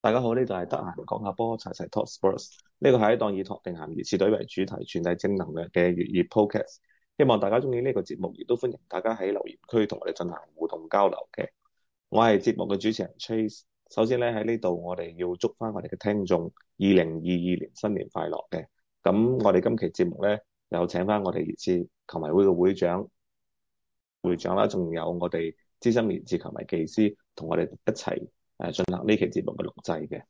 大家好，呢度係得閒講下波，齊齊 Talk Spurs。呢個係一檔以托定咸熱刺隊為主題，傳遞正能量嘅粵語 Podcast。希望大家中意呢個節目，亦都歡迎大家喺留言區同我哋進行互動交流嘅。我係節目嘅主持人 Chase。首先咧喺呢度，我哋要祝翻我哋嘅聽眾二零二二年新年快樂嘅。咁我哋今期節目咧，有請翻我哋熱刺球迷會嘅會長、會長啦，仲有我哋資深熱刺球迷技師，同我哋一齊。誒，進行呢期節目嘅錄製嘅，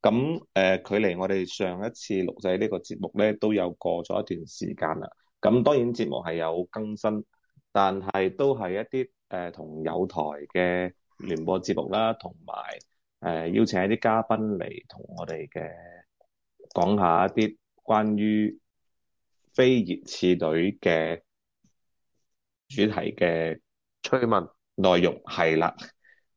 咁誒、呃，距離我哋上一次錄製呢個節目咧，都有過咗一段時間啦。咁當然節目係有更新，但係都係一啲誒，同、呃、友台嘅聯播節目啦，同埋誒，邀請一啲嘉賓嚟，同我哋嘅講下一啲關於非熱刺隊嘅主題嘅催問內容係啦，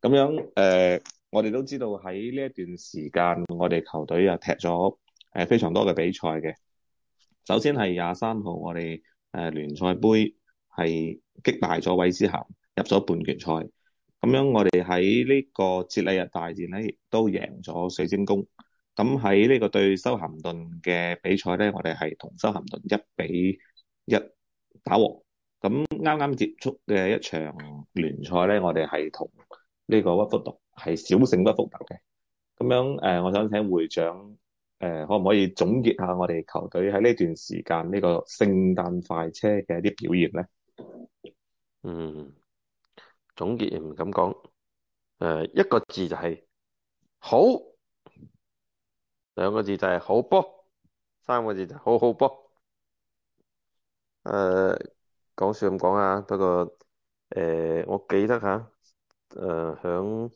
咁樣誒。呃我哋都知道喺呢一段時間，我哋球隊啊踢咗非常多嘅比賽嘅。首先係廿三號，我哋誒聯賽杯係擊敗咗韋斯咸，入咗半決賽。咁樣我哋喺呢個節禮日大戰咧都贏咗水晶宮。咁喺呢個對修咸頓嘅比賽咧，我哋係同修咸頓一比一打和。咁啱啱接觸嘅一場聯賽咧，我哋係同呢個屈福特，係小勝不復等嘅，咁樣誒、呃，我想請會長誒、呃，可唔可以總結下我哋球隊喺呢段時間呢個聖誕快車嘅一啲表現咧？嗯，總結唔敢講，誒、呃，一個字就係、是、好，兩個字就係好波，三個字就是好好波。誒、呃，講笑咁講啊，不過誒、呃，我記得吓，誒、啊，響、呃。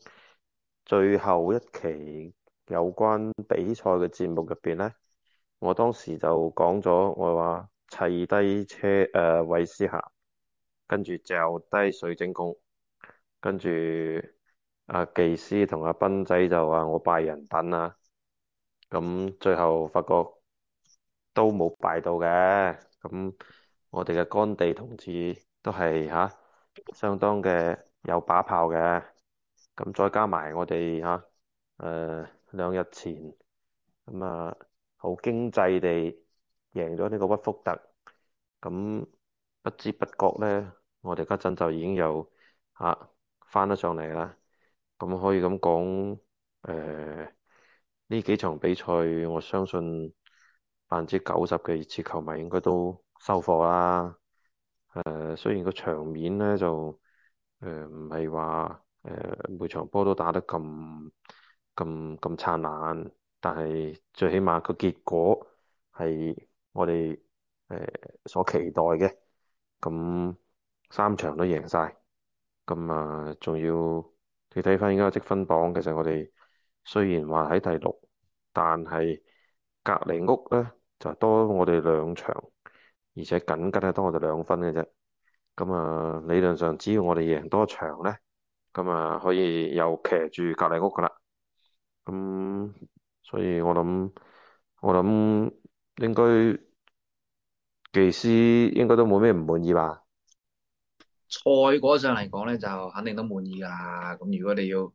最後一期有關比賽嘅節目入面咧，我當時就講咗，我話砌低車呃，韋斯咸，跟住就低水晶宮，跟住阿技師同阿斌仔就話我拜人品啊。咁最後發覺都冇拜到嘅，咁我哋嘅干地同志都係吓、啊、相當嘅有把炮嘅。咁再加埋我哋吓，誒、啊呃、兩日前咁啊，好經濟地贏咗呢個屈福特，咁、啊、不知不覺咧，我哋家陣就已經有吓翻得上嚟啦。咁、啊、可以咁講，誒，呢幾場比賽我相信百分之九十嘅熱刺球迷應該都收貨啦。誒、啊，雖然個場面咧就誒唔係話。啊誒、呃，每場波都打得咁咁咁燦爛，但係最起碼個結果係我哋誒、呃、所期待嘅。咁三場都贏晒，咁啊，仲要你睇翻而家積分榜，其實我哋雖然話喺第六，但係隔離屋咧就多我哋兩場，而且緊緊係多我哋兩分嘅啫。咁啊，理論上只要我哋贏多一場咧。咁啊，可以又騎住隔離屋噶啦，咁所以我諗，我諗應該技師應該都冇咩唔滿意吧？賽果上嚟講咧，就肯定都滿意噶啦。咁如果你要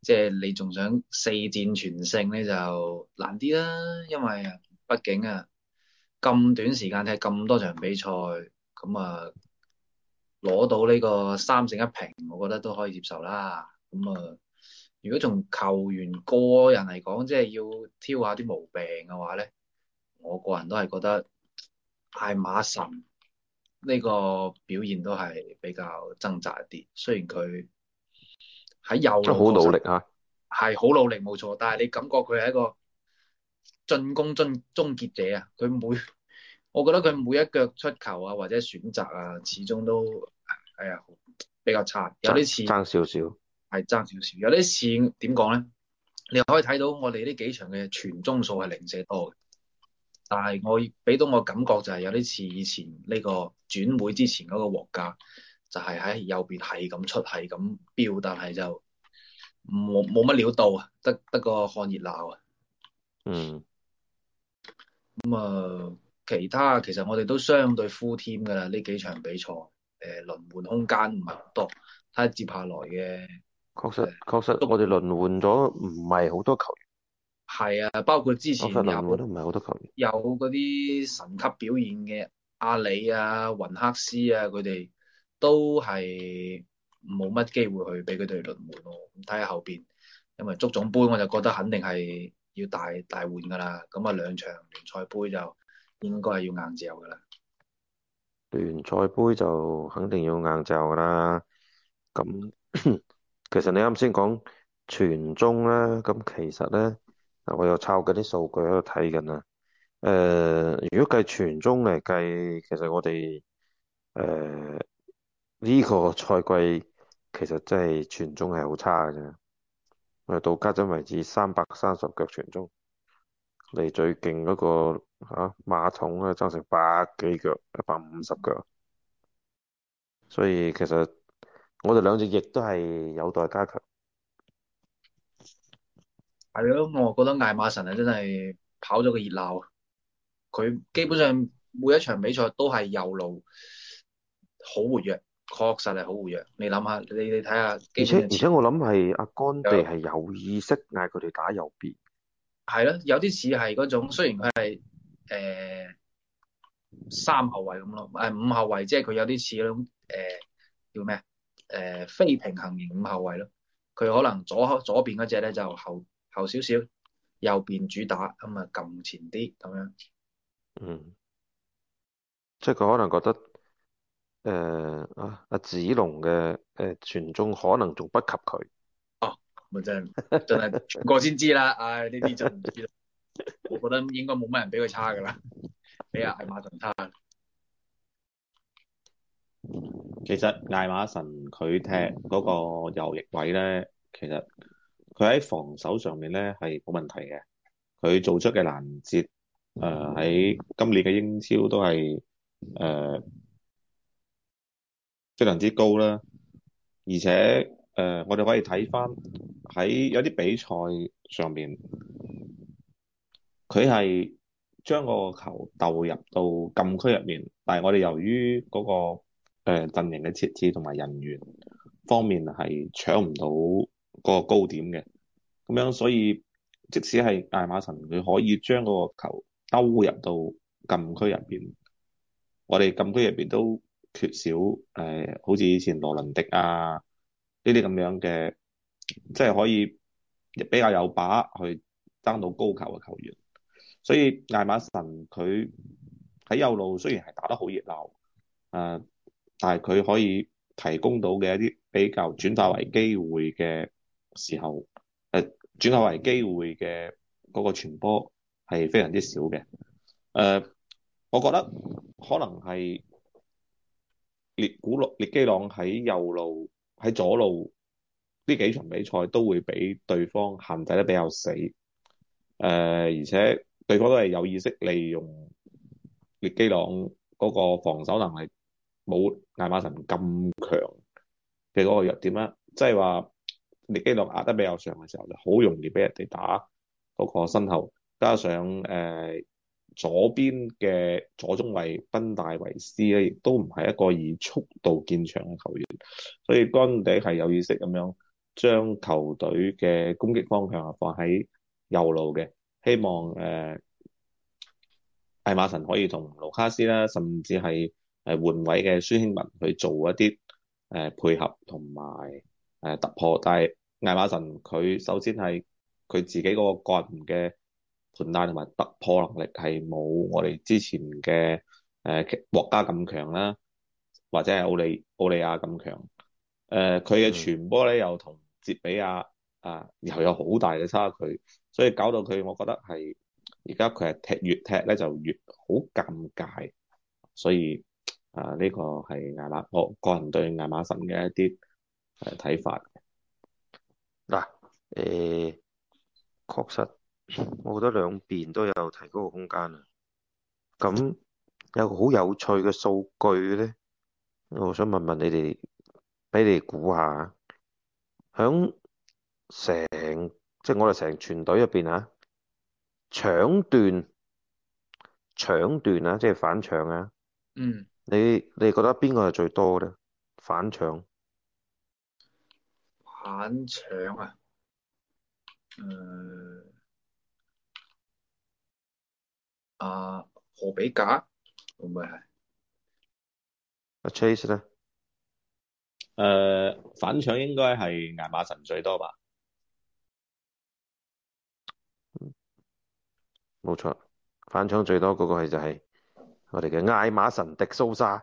即係你仲想四戰全勝咧，就難啲啦，因為啊，畢竟啊咁短時間踢咁多場比賽，咁啊～攞到呢個三勝一平，我覺得都可以接受啦。咁啊，如果從球員個人嚟講，即係要挑一下啲毛病嘅話咧，我個人都係覺得艾馬臣呢個表現都係比較掙扎啲。雖然佢喺右路好努力嚇、啊，係好努力冇錯。但係你感覺佢係一個進攻終終結者啊，佢每我覺得佢每一腳出球啊，或者選擇啊，始終都～係啊、哎，比較差，差有啲似爭少少，係爭少少，有啲似點講咧？你可以睇到我哋呢幾場嘅全中數係零舍多嘅，但係我俾到我感覺就係有啲似以前呢個轉會之前嗰個獲價，就係、是、喺右邊係咁出係咁飆，但係就冇冇乜料到，得得個看熱鬧啊。嗯，咁啊、嗯，其他其實我哋都相對敷添噶啦，呢幾場比賽。誒，輪換空間唔係好多，睇下接下來嘅確實確實，確實我哋輪換咗唔係好多球員。係啊，包括之前有都唔係好多球員，有嗰啲神級表現嘅阿里啊、雲克斯啊，佢哋都係冇乜機會去俾佢哋輪換。咁睇下後邊，因為足總杯我就覺得肯定係要大大換噶啦。咁啊，兩場聯賽杯就應該係要硬自噶啦。聯賽盃就肯定要硬仗啦。咁 其實你啱先講傳中呢，咁其實咧，我又抄緊啲數據喺度睇緊啦誒，如果計傳中嚟計，計其實我哋誒呢個賽季其實真係傳中係好差嘅啫。我哋到家陣為止三百三十腳傳中，嚟最勁嗰個。吓、啊、馬桶啊，爭成百幾腳，一百五十腳，所以其實我哋兩隻翼都係有待加強。係咯，我啊覺得艾馬神啊真係跑咗個熱鬧，佢基本上每一場比賽都係右路好活躍，確實係好活躍。你諗下，你你睇下，而且而且我諗係阿干地係有意識嗌佢哋打右邊。係咯，有啲似係嗰種，雖然佢係。誒、呃，三後衛咁咯，誒、哎、五後衛，即係佢有啲似嗰種誒叫咩誒、呃，非平衡型五後衛咯。佢可能左左邊嗰隻咧就後後少少，右邊主打咁啊，撳前啲咁樣。嗯，即係佢可能覺得誒、呃、啊阿、啊、子龍嘅誒傳中可能仲不及佢。哦，咪真係真係全過先知啦，唉呢啲就唔知啦。 我覺得應該冇乜人比佢差噶啦，比阿艾馬臣差。其實艾馬臣佢踢嗰個右翼位咧，其實佢喺防守上面咧係冇問題嘅，佢做出嘅攔截誒喺今年嘅英超都係誒非常之高啦，而且誒、呃、我哋可以睇翻喺有啲比賽上面。佢係將嗰個球兜入到禁區入面，但係我哋由於嗰、那個誒、呃、陣型嘅設置同埋人員方面係搶唔到嗰個高點嘅，咁樣所以即使係艾馬臣，佢可以將嗰個球兜入到禁區入面，我哋禁區入面都缺少誒、呃，好似以前羅倫迪啊呢啲咁樣嘅，即係可以比較有把握去爭到高球嘅球員。所以艾馬臣佢喺右路雖然係打得好熱鬧，呃，但係佢可以提供到嘅一啲比較轉化為機會嘅時候，呃，轉化為機會嘅嗰個傳波係非常之少嘅。呃，我覺得可能係列古朗列基朗喺右路喺左路呢幾場比賽都會俾對方限制得比較死，呃，而且。佢都係有意識利用列基朗嗰個防守能力冇艾馬臣咁強嘅嗰個弱點。啦，即係話列基朗壓得比較長嘅時候就好容易俾人哋打嗰個身後，加上誒、呃、左邊嘅左中衞賓大維斯咧，亦都唔係一個以速度見長嘅球員，所以干地係有意識咁樣將球隊嘅攻擊方向放喺右路嘅，希望誒。呃艾馬臣可以同盧卡斯啦，甚至係誒換位嘅孫興慜去做一啲誒配合同埋誒突破，但係艾馬臣佢首先係佢自己嗰個個人嘅盤帶同埋突破能力係冇我哋之前嘅誒霍加咁強啦，或者係奧利奧利亞咁強。誒、呃，佢嘅傳波咧又同捷比亞啊又有好大嘅差距，所以搞到佢，我覺得係。而家佢係踢越踢咧，就越好尷尬，所以誒呢個係艾馬我個人對艾馬臣嘅一啲誒睇法。嗱誒，確實我覺得兩邊都有提高嘅空間啊。咁有個好有趣嘅數據咧，我想問問你哋，俾你哋估下，響成即係我哋成全隊入邊啊。搶斷，搶斷啊，即係反搶啊。嗯，你你覺得邊個係最多咧？反搶，反搶啊，誒，阿何比賈會唔會係？阿 Chase 咧？誒，反搶應該係艾馬臣最多吧。冇錯，反搶最多嗰個係就係我哋嘅艾馬神迪蘇沙，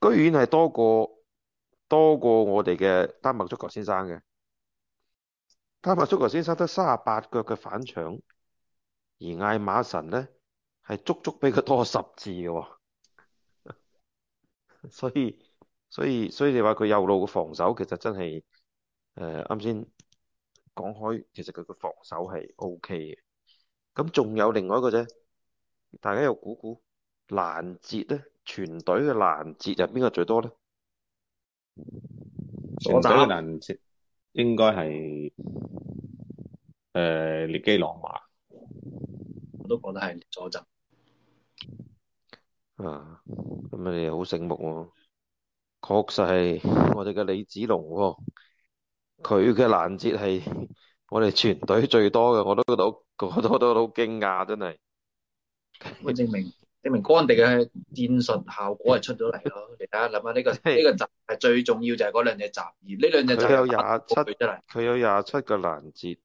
居然係多過多過我哋嘅丹麥足球先生嘅，丹麥足球先生得三十八腳嘅反搶，而艾馬神咧係足足比佢多十字嘅， 所以所以所以你話佢右路嘅防守其實真係誒啱先。呃講開，其實佢個防守係 O K 嘅。咁仲有另外一個啫，大家又估估攔截咧，全隊嘅攔截入邊個最多咧？全隊嘅攔截應該係誒，列基羅馬。我都覺得係左陣。啊，咁啊，你好醒目喎！確實係我哋嘅李子龍喎，啊。佢嘅攔截係我哋全隊最多嘅，我都覺得，個個都好驚訝，真係。會證明證明干地嘅戰術效果係出咗嚟咯。大家諗下呢個呢 個集係最重要就係嗰兩隻集，而呢兩隻集有廿七，佢有廿七個攔截。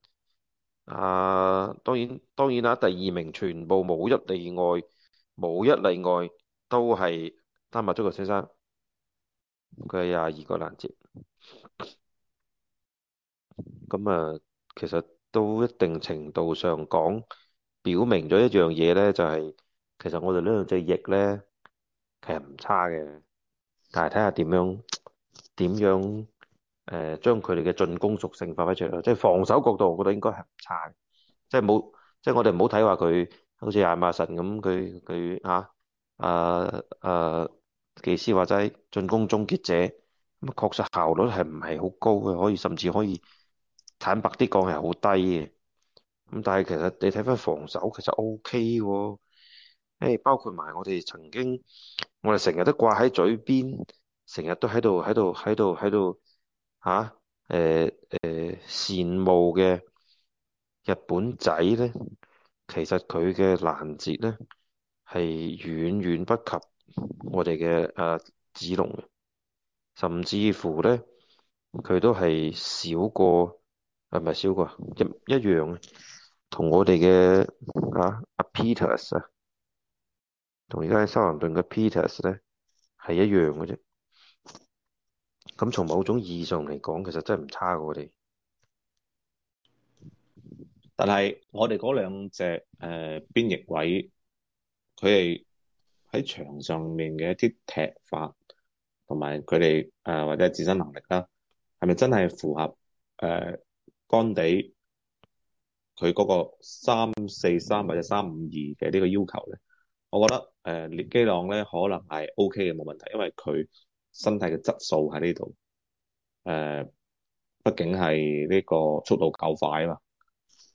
啊，當然當然啦，第二名全部冇一例外，冇一例外都係丹麥足球先生，佢係廿二個攔截。咁啊、嗯，其實都一定程度上講，表明咗一樣嘢咧，就係其實我哋呢兩隻翼咧，其實唔差嘅。但係睇下點樣點樣誒，將佢哋嘅進攻屬性發揮出嚟。即係防守角度，我覺得應該係唔差嘅。即係冇，即係我哋唔好睇話佢好似阿馬神咁，佢佢吓誒誒，技師話齋進攻終結者咁啊，確實效率係唔係好高，佢可以甚至可以。坦白啲講係好低嘅，咁但係其實你睇翻防守，其實 O K 喎。誒，包括埋我哋曾經，我哋成日都掛喺嘴邊，成日都喺度喺度喺度喺度吓誒誒羨慕嘅日本仔咧，其實佢嘅攔截咧係遠遠不及我哋嘅、啊、子龍嘅，甚至乎咧佢都係少過。係咪少過一一樣？同我哋嘅啊阿 Peters 啊，同而家喺修咸頓嘅 Peters 咧係一樣嘅啫。咁從某種意義上嚟講，其實真係唔差過我哋。但係我哋嗰兩隻誒邊翼位，佢哋喺場上面嘅一啲踢法，同埋佢哋誒或者係自身能力啦，係咪真係符合誒？呃乾地佢嗰個三四三或者三五二嘅呢個要求咧，我覺得誒列、呃、基朗咧可能係 O K 嘅冇問題，因為佢身體嘅質素喺呢度誒，畢竟係呢個速度夠快啊嘛。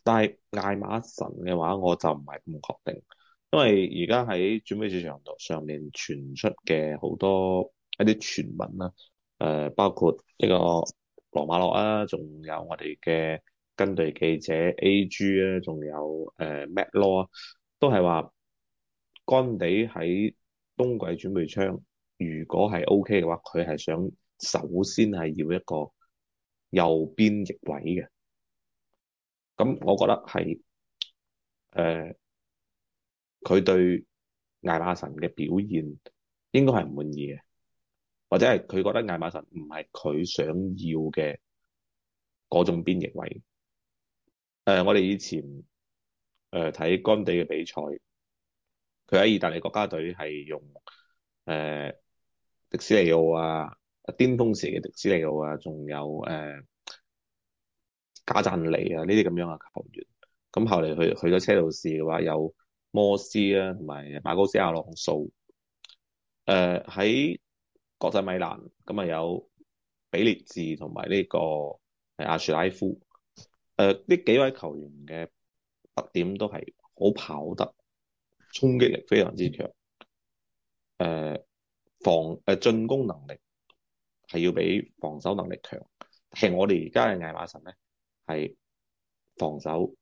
但係艾馬臣嘅話，我就唔係咁確定，因為而家喺轉會市場度上，上面傳出嘅好多一啲傳聞啦，誒、呃、包括呢、這個。羅馬諾啊，仲有我哋嘅跟隊記者 A.G 啊，仲有誒、呃、Matt Law 啊，都係話，干地喺冬季準備窗，如果係 O.K. 嘅話，佢係想首先係要一個右邊翼位嘅。咁我覺得係誒，佢、呃、對艾巴神嘅表現應該係唔滿意嘅。或者係佢覺得艾馬臣唔係佢想要嘅嗰種邊翼位。誒、呃，我哋以前誒睇乾地嘅比賽，佢喺意大利國家隊係用誒、呃、迪斯尼奧啊、巔峰時嘅迪斯尼奧啊，仲有誒、呃、加讚尼啊呢啲咁樣嘅球員。咁、嗯、後嚟去去咗車路士嘅話，有摩斯啊同埋馬高斯阿朗素。誒、呃、喺國際米蘭，咁啊有比利治同埋呢個阿樹拉夫，誒、呃、呢幾位球員嘅特點都係好跑得，衝擊力非常之強，誒、呃、防誒、呃、進攻能力係要比防守能力強。其實我哋而家嘅艾馬臣咧係防守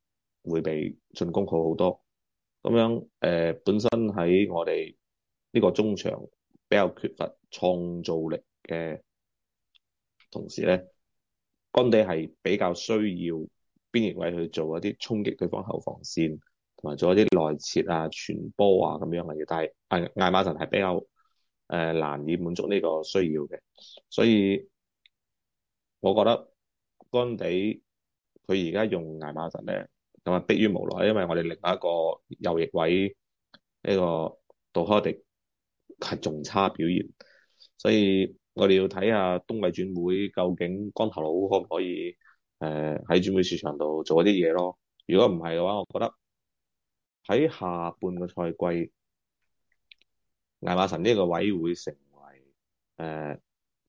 會比進攻好好多，咁樣誒、呃、本身喺我哋呢個中場。比較缺乏創造力嘅同時咧，乾地係比較需要邊翼位去做一啲衝擊對方後防線，同埋做一啲內切啊、傳波啊咁樣嘅嘢。但係誒，艾馬臣係比較誒、呃、難以滿足呢個需要嘅，所以我覺得乾地佢而家用艾馬臣咧，咁啊迫於無奈，因為我哋另外一個右翼位呢、呢個杜科迪。係仲差表現，所以我哋要睇下冬季轉會，究竟光頭佬可唔可以誒喺轉會市場度做一啲嘢咯？如果唔係嘅話，我覺得喺下半個賽季，艾馬臣呢個位置會成為誒、呃、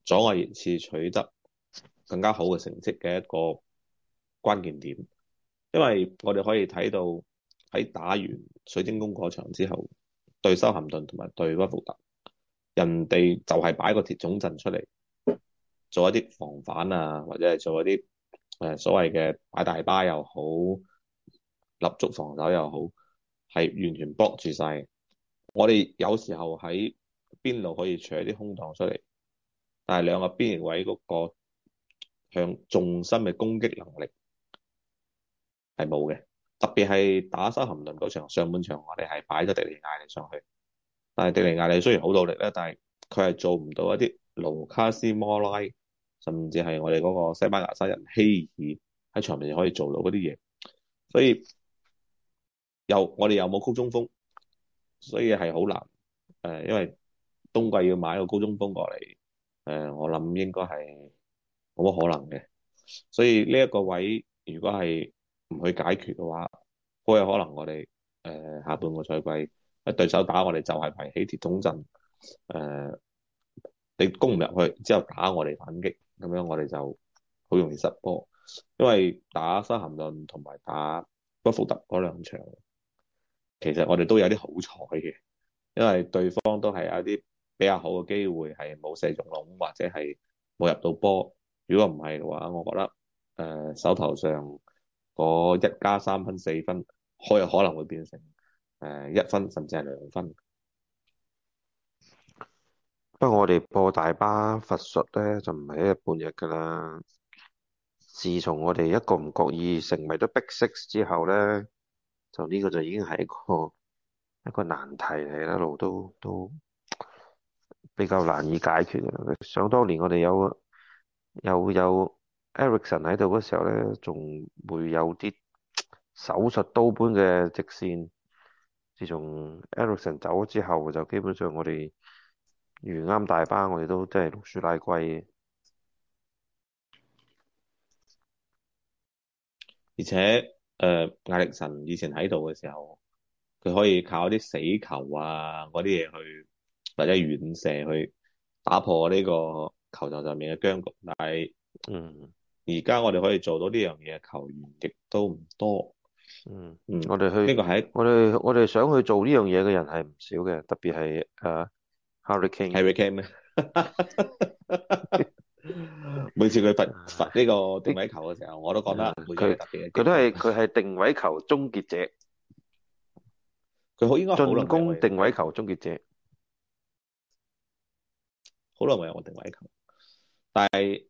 阻礙熱刺取得更加好嘅成績嘅一個關鍵點，因為我哋可以睇到喺打完水晶宮過場之後。對修咸頓同埋對屈福特，人哋就係擺一個鐵桶陣出嚟，做一啲防反啊，或者係做一啲誒、呃、所謂嘅擺大巴又好，立足防守又好，係完全博住晒。我哋有時候喺邊度可以取啲空檔出嚟，但係兩個邊翼位嗰個向重心嘅攻擊能力係冇嘅。特別係打修咸頓嗰場上半場，我哋係擺咗迪尼亞利上去，但係迪尼亞利雖然好努力咧，但係佢係做唔到一啲盧卡斯摩拉，甚至係我哋嗰個西班牙新人希爾喺場面可以做到嗰啲嘢，所以又我哋又冇高中鋒，所以係好難誒、呃，因為冬季要買個高中鋒過嚟，誒、呃，我諗應該係冇乜可能嘅，所以呢一個位如果係。唔去解決嘅話，好有可能我哋誒、呃、下半個賽季一對手打我哋就係圍起鐵桶陣，誒、呃、你攻唔入去之後打我哋反擊，咁樣我哋就好容易失波。因為打新咸頓同埋打不伏特嗰兩場，其實我哋都有啲好彩嘅，因為對方都係一啲比較好嘅機會，係冇射中籠或者係冇入到波。如果唔係嘅話，我覺得誒、呃、手頭上。個一加三分、四分，好有可能會變成誒一、呃、分甚至係兩分。不過我哋破大巴佛術咧，就唔係一日半日噶啦。自從我哋一個唔覺意成為咗逼 x 之後咧，就呢個就已經係一個一個難題嚟，一路都都，都比較難以解決嘅。想當年我哋有有有。有有 Ericsson 喺度嘅時候咧，仲會有啲手術刀般嘅直線。自從 Ericsson 走咗之後，就基本上我哋遇啱大班，我哋都真係老鼠拉龜嘅。而且，誒、呃，艾歷臣以前喺度嘅時候，佢可以靠啲死球啊，嗰啲嘢去或者遠射去打破呢個球場上面嘅僵局，但係，嗯。而家我哋可以做到呢樣嘢嘅球員亦都唔多。嗯嗯，我哋去呢個係我哋我哋想去做呢樣嘢嘅人係唔少嘅，特別係誒，Harry Kane，Harry Kane 咧，uh, 每次佢罰罰呢個定位球嘅時候，我都覺得佢佢都係佢係定位球終結者，佢好 應該進攻定位球終結者，好耐冇有我定位球，但係。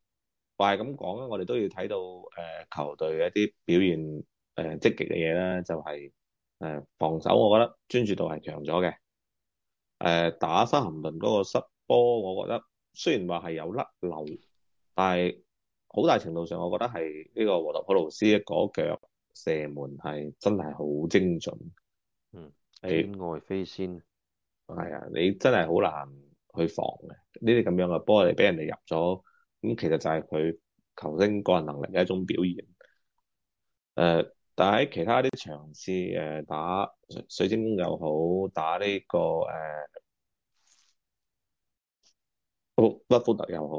話係咁講啊，我哋都要睇到誒、呃、球隊一啲表現誒積極嘅嘢啦，就係、是、誒、呃、防守，我覺得專注度係強咗嘅。誒、呃、打修咸頓嗰個失波，我覺得雖然話係有甩漏，但係好大程度上，我覺得係呢個獲特普勞斯嘅嗰腳射門係真係好精準。嗯，意外飛仙。係啊，你真係好難去防嘅呢啲咁樣嘅波，你俾人哋入咗。咁、嗯、其實就係佢球星個人能力嘅一種表現，誒、呃，但喺其他啲場次，誒、呃，打水晶宮又好，打呢、這個誒、呃，不福特又好，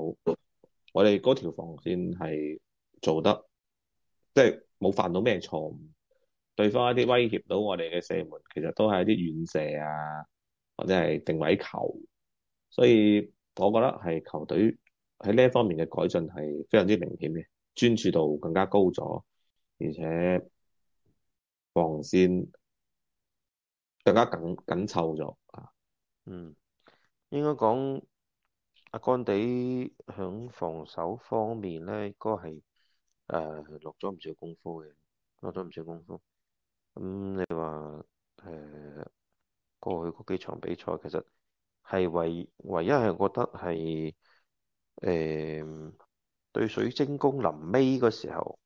我哋嗰條防線係做得，即係冇犯到咩錯誤，對方一啲威脅到我哋嘅射門，其實都係一啲遠射啊，或者係定位球，所以我覺得係球隊，喺呢一方面嘅改進係非常之明顯嘅，專注度更加高咗，而且防線更加緊緊湊咗啊。嗯，應該講阿干地響防守方面咧，應該係誒落咗唔少功夫嘅，落咗唔少功夫。咁、嗯、你話誒、呃、過去嗰幾場比賽，其實係唯唯一係覺得係。誒、嗯，對水晶宮臨尾嗰時候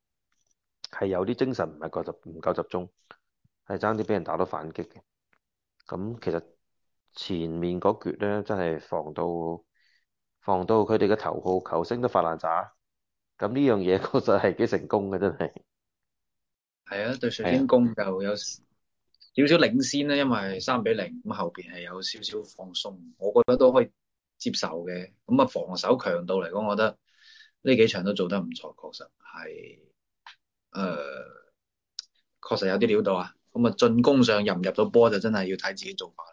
係有啲精神唔係夠集唔夠集中，係爭啲俾人打到反擊嘅。咁其實前面嗰橛咧真係防到防到佢哋嘅頭號球星都發爛渣。咁呢樣嘢確實係幾成功嘅，真係。係啊，對水晶宮就有少少領先啦，因為三比零，咁後邊係有少少放鬆，我覺得都可以。接受嘅咁啊，防守強度嚟講，我覺得呢幾場都做得唔錯，確實係誒，呃、確實有啲料到啊。咁啊，進攻上入唔入到波就真係要睇自己做法啦。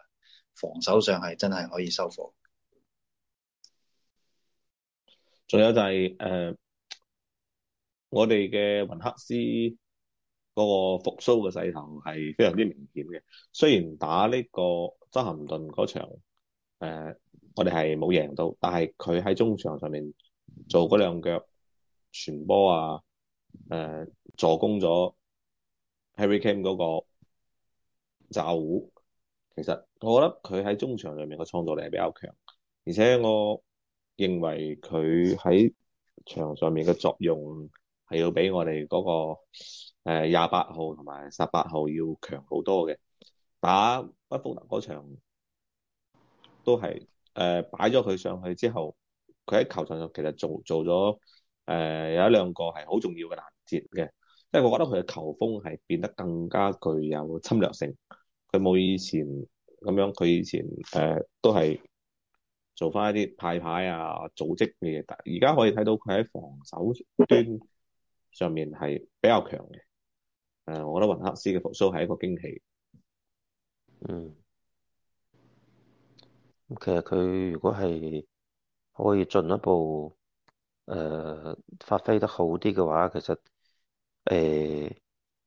防守上係真係可以收貨。仲有就係、是、誒、呃，我哋嘅雲克斯嗰個復蘇嘅勢頭係非常之明顯嘅。雖然打呢個澤行頓嗰場誒、呃我哋係冇贏到，但係佢喺中場上面做嗰兩腳傳波啊，誒、呃、助攻咗 Harry Kane 嗰個詐糊，其實我覺得佢喺中場上面嘅創造力係比較強，而且我認為佢喺場上面嘅作用係要比我哋嗰個廿八號同埋十八號要強好多嘅。打不復能嗰場都係。誒，擺咗佢上去之後，佢喺球場上其實做做咗誒、呃、有一兩個係好重要嘅攔截嘅，即係我覺得佢嘅球風係變得更加具有侵略性，佢冇以前咁樣，佢以前誒、呃、都係做翻一啲派派啊組織嘅嘢，但而家可以睇到佢喺防守端上面係比較強嘅，誒、呃，我覺得雲克斯嘅復蘇係一個驚喜，嗯。其實佢如果係可以進一步誒、呃、發揮得好啲嘅話，其實誒、呃、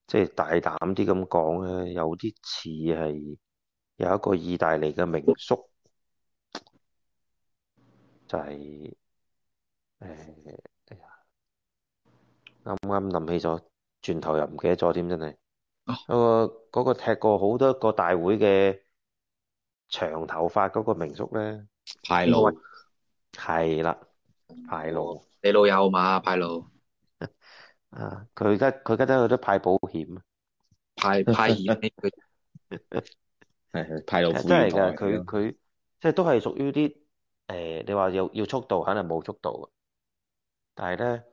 即係大膽啲咁講咧，有啲似係有一個意大利嘅名宿，就係誒哎呀，啱啱諗起咗，轉頭又唔記得咗添。真係。嗰嗰、啊呃嗰個踢過好多個大會嘅。長頭髮嗰個名宿咧，派路啊。係啦，派路，你老友嘛，派路啊，佢而家佢而家都有得派保險，派派二啊，佢係係派路，真係噶，佢佢即係都係屬於啲誒、呃，你話要要速度肯定冇速度，但係咧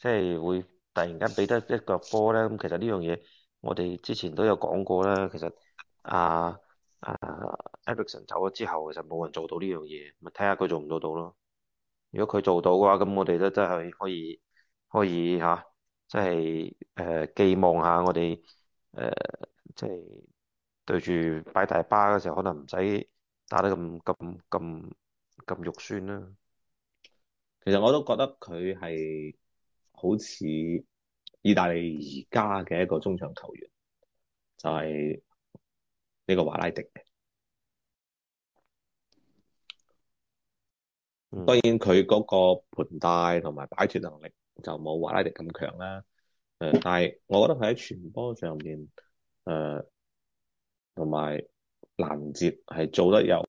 即係會突然間俾得一腳波咧，咁其實呢樣嘢我哋之前都有講過啦，其實啊。誒，埃里克森走咗之後，其實冇人做到呢樣嘢，咪睇下佢做唔做到咯。如果佢做到嘅話，咁我哋都真係可以可以吓，即係誒寄望下我哋誒即係對住擺大巴嘅時候，可能唔使打得咁咁咁咁肉酸啦、啊。其實我都覺得佢係好似意大利而家嘅一個中場球員，就係、是。呢個華拉迪嘅，當然佢嗰個盤帶同埋擺脫能力就冇華拉迪咁強啦。誒、呃，但係我覺得佢喺傳波上面誒同埋攔截係做得有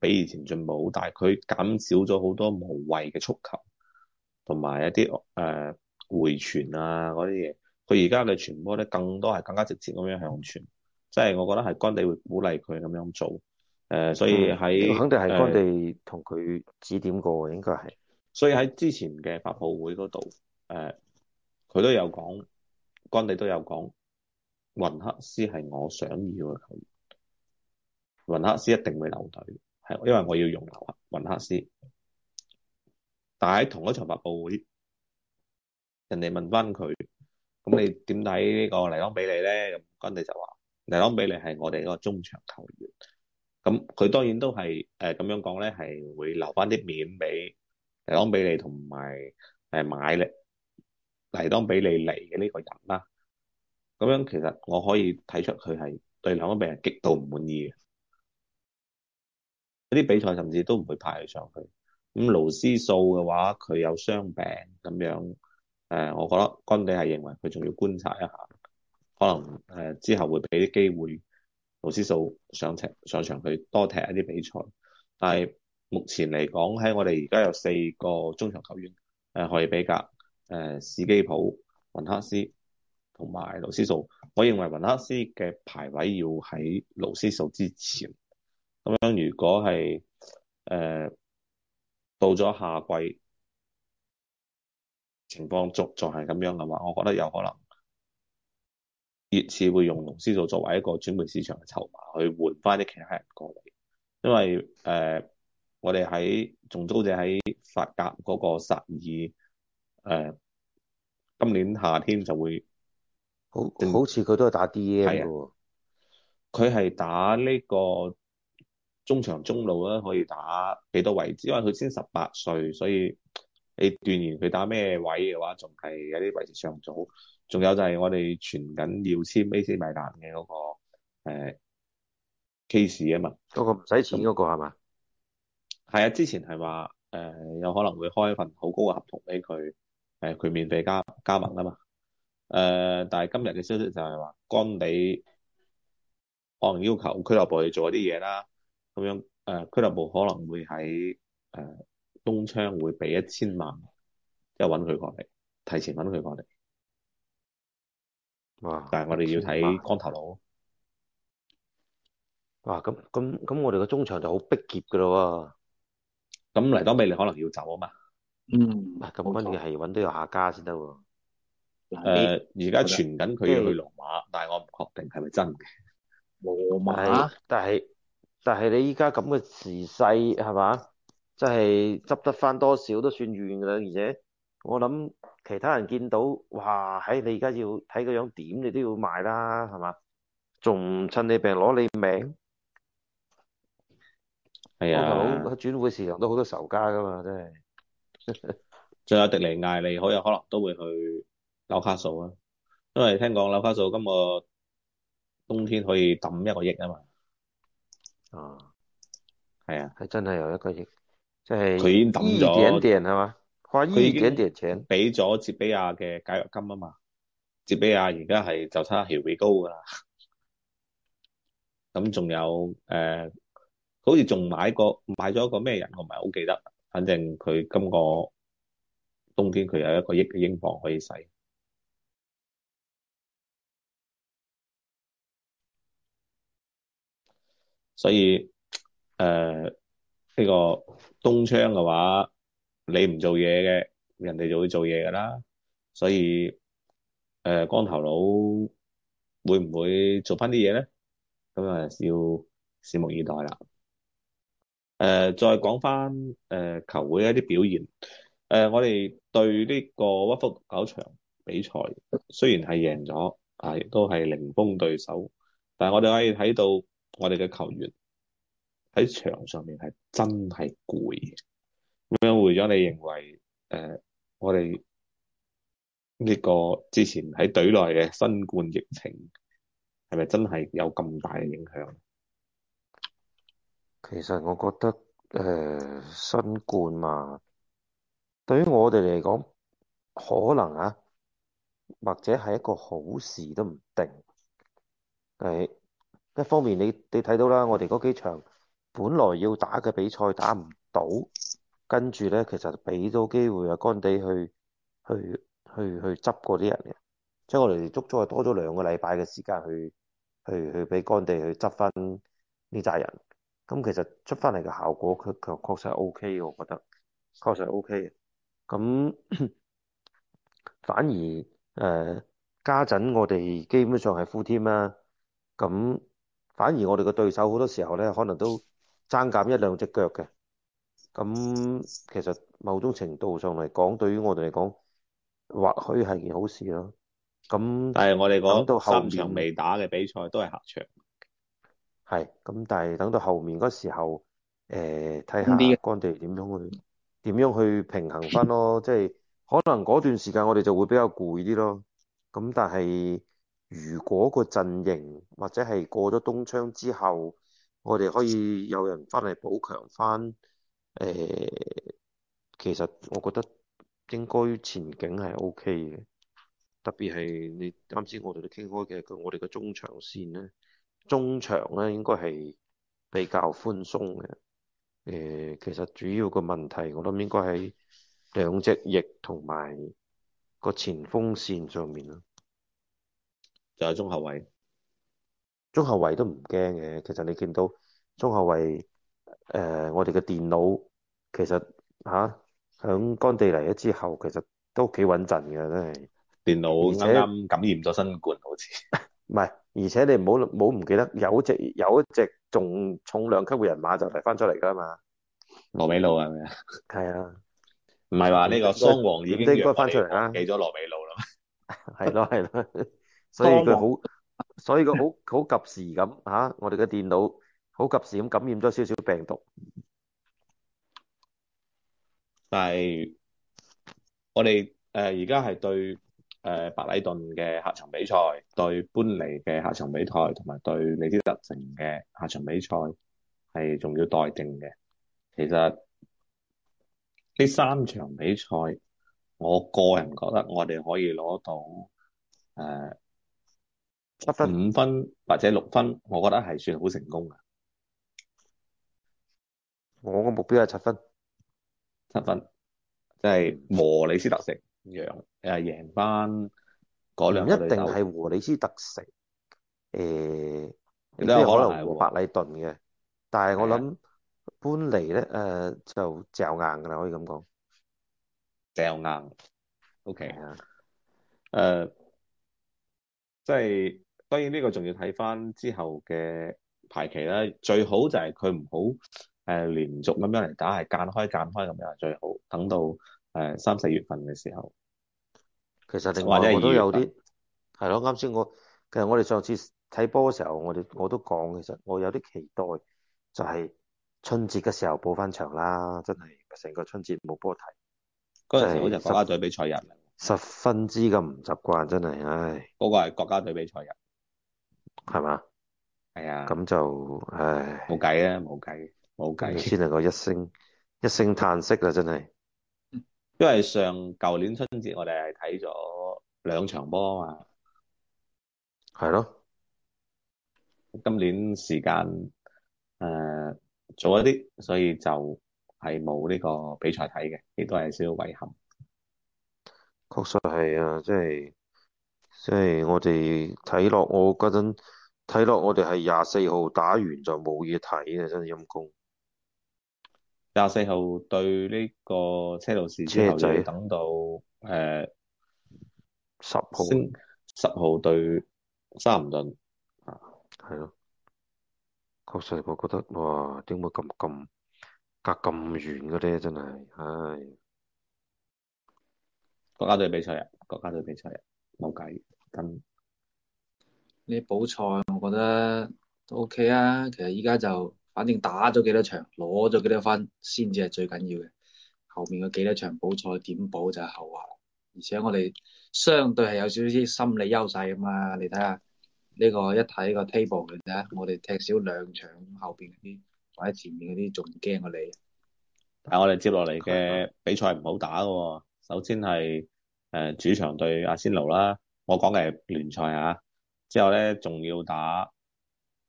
比以前進步好大。佢減少咗好多無謂嘅觸球，同埋一啲誒、呃、回傳啊嗰啲嘢。佢而家嘅傳波咧，更多係更加直接咁樣向前。即係我覺得係干地會鼓勵佢咁樣做，誒，所以喺、嗯、肯定係干地同佢指點過，應該係。所以喺之前嘅發布會嗰度，誒、呃，佢都有講，干地都有講，雲克斯係我想要嘅球員，雲克斯一定會留隊，係因為我要用留雲克斯。但係喺同一場發布會，人哋問翻佢，咁你點睇呢個尼當比利咧？咁干地就話。尼安比利係我哋一個中場球員，咁佢當然都係誒咁樣講咧，係會留翻啲面俾尼安比利同埋誒買力，尼安比利嚟嘅呢個人啦、啊。咁樣其實我可以睇出佢係對兩個病人極度唔滿意嘅，啲比賽甚至都唔會派佢上去。咁勞斯素嘅話，佢有傷病咁樣，誒、呃，我覺得干地係認為佢仲要觀察一下。可能誒、呃、之後會俾啲機會盧斯數上場上場去多踢一啲比賽，但係目前嚟講，喺我哋而家有四個中場球員誒可以比較誒、呃、史基普、雲克斯同埋盧斯數。我認為雲克斯嘅排位要喺盧斯數之前。咁樣如果係誒、呃、到咗下季情況續續係咁樣嘅話，我覺得有可能。.熱刺會用龍斯做作為一個轉會市場嘅籌碼，去換翻啲其他人過嚟，因為誒、呃，我哋喺仲租者喺法甲嗰個薩爾、呃、今年夏天就會好好似佢都係打 DM，佢係打呢個中場中路啦，可以打幾多位置？因為佢先十八歲，所以你斷言佢打咩位嘅話，仲係有啲為時尚早。仲有就係我哋傳緊要簽 AC 米蘭嘅嗰個 case 啊、呃、嘛，嗰個唔使錢嗰個係嘛？係啊，之前係話誒有可能會開一份好高嘅合同俾佢，誒佢免費加加盟啊嘛。誒、呃，但係今日嘅消息就係、是、話，干地可能要求俱樂部去做一啲嘢啦，咁樣誒俱樂部可能會喺誒、呃、冬窗會俾一千萬，即係揾佢過嚟，提前揾佢過嚟。哇！但係我哋要睇光頭佬。哇！咁咁咁，我哋個中場就好逼怯噶咯喎。咁嚟到尾，你可能要走啊嘛。嗯。咁關鍵係揾到有下家先得喎。誒、啊，而家傳緊佢去羅馬，的但係我唔確定係咪真嘅。冇嘛馬？但係但係你依家咁嘅時勢，係嘛？即係執得翻多少都算遠噶啦，而且。我諗其他人見到，哇，喺、哎、你而家要睇個樣點樣你都要賣啦，係嘛？仲趁你病攞你命？係啊，喺轉會市場都好多仇家㗎嘛，真係。仲 有迪尼艾利、利，好有可能都會去紐卡素啊，因為聽講紐卡素今個冬天可以抌一個億啊嘛。啊，係啊，係真係有一個億，即係佢已經抌咗。一點點係嘛？那個佢已經俾咗哲比亞嘅解約金啊嘛，哲比亞而家係就差 here we go 噶啦，咁仲有誒、呃，好似仲買個買咗一個咩人我唔係好記得，反正佢今個冬天佢有一個億嘅英鎊可以使，所以誒、呃、呢個冬窗嘅話。你唔做嘢嘅，人哋就會做嘢噶啦。所以，誒、呃，光頭佬會唔會做翻啲嘢咧？咁啊，要拭目以待啦。誒、呃，再講翻誒球會一啲表現。誒、呃，我哋對呢個屈福九場比賽，雖然係贏咗，啊，亦都係零封對手，但係我哋可以睇到我哋嘅球員喺場上面係真係攰。咁樣，會長，你認為誒、呃，我哋呢個之前喺隊內嘅新冠疫情係咪真係有咁大嘅影響？其實我覺得誒、呃，新冠嘛，對於我哋嚟講，可能啊，或者係一個好事都唔定。係一方面你，你你睇到啦，我哋嗰幾場本來要打嘅比賽打唔到。跟住咧，其實俾到機會啊，幹地去去去去執嗰啲人嘅，即係我哋足足係多咗兩個禮拜嘅時間去去去俾幹地去執翻呢扎人，咁、嗯、其實出翻嚟嘅效果佢佢確實 O K 嘅，我覺得確實 O K 嘅。咁、嗯、反而誒家陣我哋基本上係 full team 啦，咁、嗯、反而我哋嘅對手好多時候咧，可能都爭減一兩隻腳嘅。咁其實某種程度上嚟講，對於我哋嚟講，或許係件好事咯。咁但係我哋講到後場未打嘅比賽都係客場，係咁。但係等到後面嗰時候，誒睇下干地點樣去點這些 樣去平衡翻咯。即係 可能嗰段時間我哋就會比較攰啲咯。咁但係如果個陣營或者係過咗冬窗之後，我哋可以有人翻嚟補強翻。誒、呃，其實我覺得應該前景係 O K 嘅，特別係你啱先我同你傾開嘅，我哋嘅中場線咧，中場咧應該係比較寬鬆嘅。誒、呃，其實主要個問題，我諗應該喺兩隻翼同埋個前鋒線上面啦，就係中後衛，中後衛都唔驚嘅。其實你見到中後衛。誒、呃，我哋嘅電腦其實吓，響、啊、干地嚟咗之後，其實都幾穩陣嘅，真係。電腦而且感染咗新冠，且好似唔係，而且你唔好唔好唔記得，有一隻有一隻重量級嘅人馬就嚟翻出嚟噶啦嘛。羅美路係咪啊？係啊，唔係話呢個桑皇已經約翻嚟，記咗羅美路啦。係咯係咯，所以佢好，所以佢好好及時咁吓、啊，我哋嘅電腦。好及時咁感染咗少少病毒，但係我哋誒而家係對誒白禮頓嘅客場比賽、對般尼嘅客場比賽同埋對李斯特城嘅客場比賽係仲要待定嘅。其實呢三場比賽，我個人覺得我哋可以攞到誒七分、五分或者六分，我覺得係算好成功嘅。我個目標係七分，七分，即係和里斯特城贏，誒贏翻嗰兩，唔一定係和里斯特城，誒，即係可能和白禮頓嘅，但係我諗，般尼咧，誒、呃、就嚼硬噶啦，可以咁講，嚼硬，O K，誒，即、OK、係、呃就是、當然呢個仲要睇翻之後嘅排期啦，最好就係佢唔好。誒，連續咁樣嚟，打係間開間開咁樣係最好。等到誒三四月份嘅時候，其實另外我都有啲係咯。啱先我其實我哋上次睇波嘅時候，我哋我都講，其實我有啲期待，就係春節嘅時候補翻場啦。真係成個春節冇波睇，嗰陣時好似係國家隊比賽日，十分之咁唔習慣，真係唉。嗰個係國家隊比賽日，係嘛？係啊。咁就唉，冇計啊，冇計。冇計先能夠一聲一聲嘆息啦，真係。因為上舊年春節我哋係睇咗兩場波啊，係咯的。今年時間誒早一啲，所以就係冇呢個比賽睇嘅，亦都係少少遺憾。確實係啊，即係即係我哋睇落，看我嗰陣睇落，我哋係廿四號打完就冇嘢睇啊，真係陰功。廿四號對呢個車路士，車仔等到誒十號，十號對三唔頓啊，係咯，確實我覺得哇，點會咁咁隔咁遠嘅咧真係，係國家隊比賽啊，國家隊比賽啊，冇計咁呢補賽，你我覺得都 OK 啊，其實依家就。反正打咗幾多場，攞咗幾多分，先至係最緊要嘅。後面嘅幾多場補賽點補就係後話。而且我哋相對係有少少心理優勢啊嘛。你睇下呢個一睇個 table 嘅啫，我哋踢少兩場後面，後邊嗰啲或者前面嗰啲仲驚過你。但係我哋接落嚟嘅比賽唔好打嘅，是的首先係誒主場對阿仙奴啦。我講嘅係聯賽啊，之後咧仲要打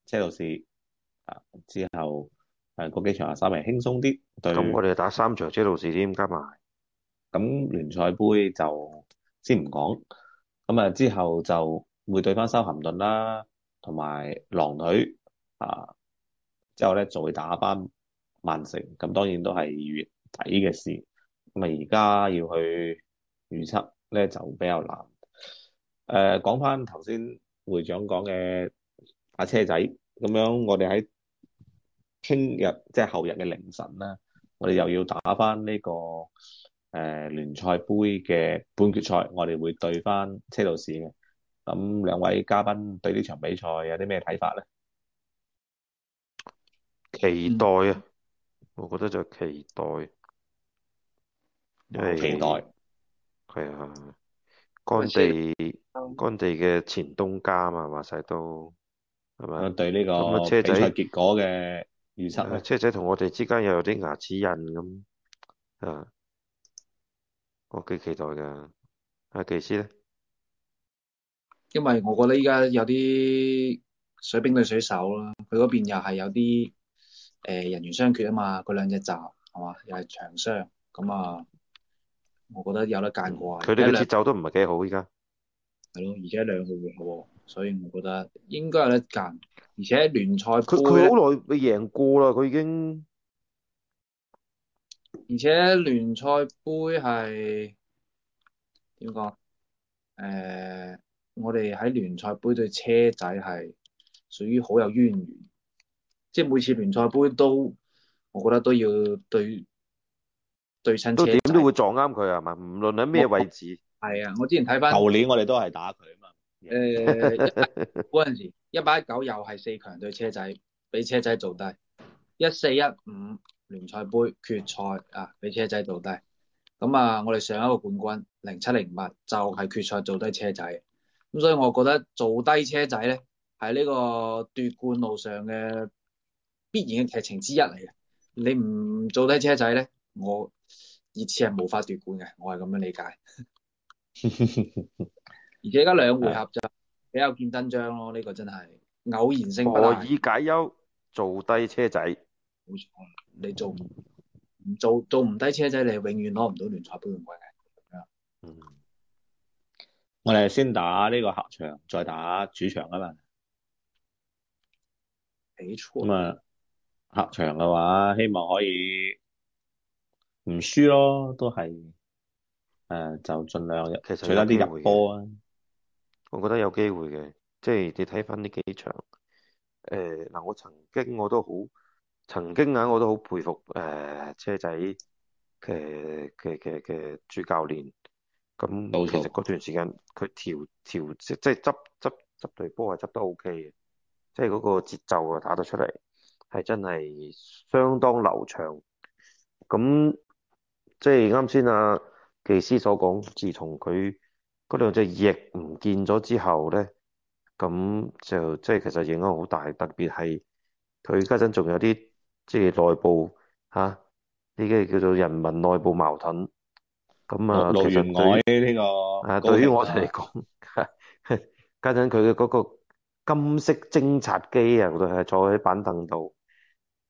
車路士。啊！之後誒，嗰幾場啊，稍微輕鬆啲。咁我哋打三場車路士添加埋，咁聯賽杯就先唔講。咁啊，之後就會對翻修咸頓啦，同埋狼隊啊。之後咧再打翻曼城。咁當然都係月底嘅事。咁啊，而家要去預測咧就比較難。誒、呃，講翻頭先會長講嘅打車仔。咁樣我們在、就是後的，我哋喺聽日即係後日嘅凌晨咧，我哋又要打翻、這、呢個誒、呃、聯賽杯嘅半決賽，我哋會對翻車路士嘅。咁兩位嘉賓對呢場比賽有啲咩睇法咧？期待啊！我覺得就期待，因為期待係啊，干地干地嘅前東家嘛，話晒都。係嘛？對呢個比賽結果嘅預測，車仔同我哋之間又有啲牙齒印咁，啊，我幾期待噶。啊，技師咧，因為我覺得依家有啲水兵對水手啦，佢嗰邊又係有啲誒人員傷缺啊嘛，嗰兩隻閘係嘛，又係長傷，咁啊，我覺得有得揀掛。佢哋嘅節奏都唔係幾好，依家係咯，而且兩個月喎。所以我覺得應該有得揀，而且聯賽盃佢佢好耐未贏過啦，佢已經而且聯賽盃係點講？誒、呃，我哋喺聯賽盃對車仔係屬於好有淵源，即係每次聯賽盃都，我覺得都要對對親車點都，都會撞啱佢係咪，唔論喺咩位置係啊！我之前睇翻舊年我哋都係打佢。誒，嗰陣時一八一九又係四強對車仔，俾車仔做低。一四一五聯賽杯決賽啊，俾車仔做低。咁啊，車仔做低我哋上一個冠軍零七零八就係決賽做低車仔。咁所以我覺得做低車仔咧，係呢個奪冠路上嘅必然嘅劇情之一嚟嘅。你唔做低車仔咧，我熱刺係無法奪冠嘅。我係咁樣理解。 而且而家兩回合就比較見真章咯，呢的個真係偶然性。何以解憂，做低車仔冇錯。你做唔做做唔低車仔，你永遠攞唔到聯賽冠軍嘅。嗯，嗯，我哋先打呢個客場，再打主場啊嘛。起初咁啊，客場嘅話，希望可以唔輸咯，都係誒、呃、就盡量其實入，取多啲入波啊！我覺得有機會嘅，即係你睇翻呢幾場，誒、呃、嗱，我曾經我都好，曾經啊我都好佩服誒、呃、車仔嘅嘅嘅嘅主教練，咁其實嗰段時間佢調調即係執執執對波係執得 O K 嘅，即係嗰、OK、個節奏啊打得出嚟，係真係相當流暢。咁即係啱先啊技師所講，自從佢。嗰兩隻翼唔見咗之後咧，咁就即係其實影響好大，特別係佢家陣仲有啲即係內部嚇，呢啲叫做人民內部矛盾。咁啊，其實對呢個，對於我哋嚟講，家陣佢嘅嗰個金色偵察機，那個、啊，度係坐喺板凳度，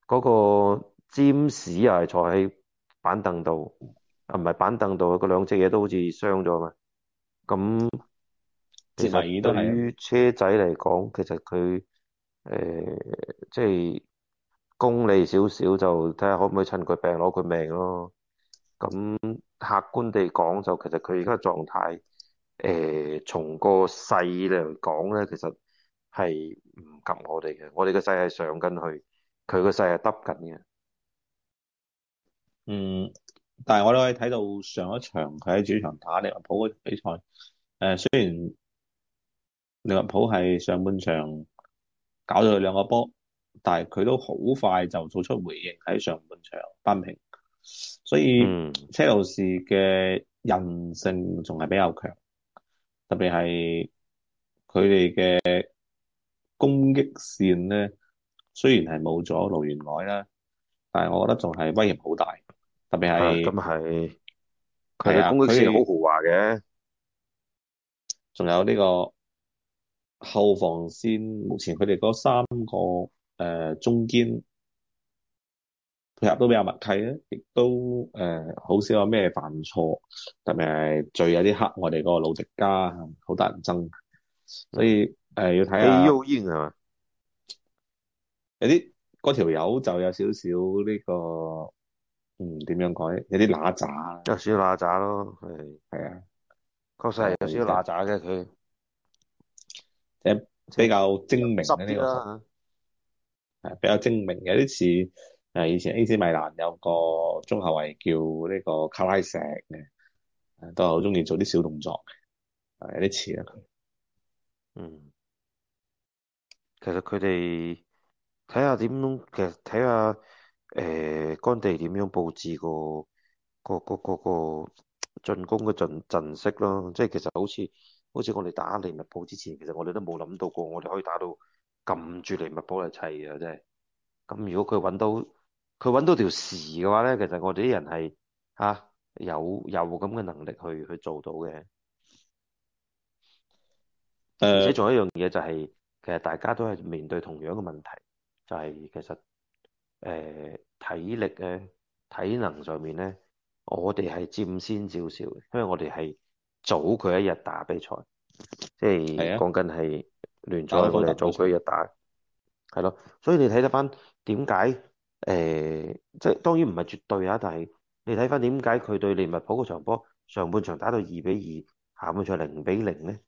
嗰個占士又係坐喺板凳度，啊唔係板凳度，個兩隻嘢都好似傷咗嘛咁、嗯、其實對於車仔嚟講，其實佢誒即係功利少少，就睇、是、下可唔可以趁佢病攞佢命咯。咁、嗯、客觀地講，就其實佢而家狀態誒、呃，從個勢嚟講咧，其實係唔及我哋嘅。我哋個勢係上緊去，佢個勢係耷緊嘅。嗯。但係我都可以睇到上一場佢喺主場打利物浦嘅比賽誒，雖然利物浦係上半場搞咗佢兩個波，但係佢都好快就做出回應，喺上半場扳平，所以車路士嘅韌性仲係比較強，特別係佢哋嘅攻擊線咧，雖然係冇咗盧員外啦，但係我覺得仲係威脅好大。特別係，咁係，係啊，佢哋好豪華嘅，仲、啊、有呢、這個後防線，目前佢哋嗰三個誒、呃、中堅配合都比較默契咧，亦都誒好、呃、少有咩犯錯，特別係最有啲黑我哋個老直家，好得人憎，所以誒、呃、要睇下，有啲條友就有少少呢個。嗯，點樣講有啲乸喳，有少少乸喳咯，佢，係啊，確、啊啊、實係有少少乸喳嘅，佢，誒的，比較精明嘅、啊、呢、啊、個，係比較精明，有啲似誒以前 AC 米蘭有個中後位叫呢個卡拉石嘅，都係好中意做啲小動作，嘅。有啲似啊佢，嗯，其實佢哋睇下點，其實睇下。誒、呃，干地點樣布置個、個、個、個進攻嘅陣陣式咯？即係其實好似好似我哋打利物浦之前，其實我哋都冇諗到過，我哋可以打到撳住利物浦嚟砌嘅。真係。咁如果佢搵到佢搵到條蛇嘅話咧，其實我哋啲人係吓、啊、有有咁嘅能力去去做到嘅。誒、呃，而且仲有一樣嘢就係、是，其實大家都係面對同樣嘅問題，就係、是、其實。誒、呃，體力嘅體能上面咧，我哋係佔先少少，因為我哋係早佢一日打比賽，即係講緊係聯賽，的我哋早佢一日打，係咯的，的所以你睇得翻點解？誒、呃，即係當然唔係絕對啊，但係你睇翻點解佢對利物浦嗰場波上半場打到二比二，下半場零比零咧，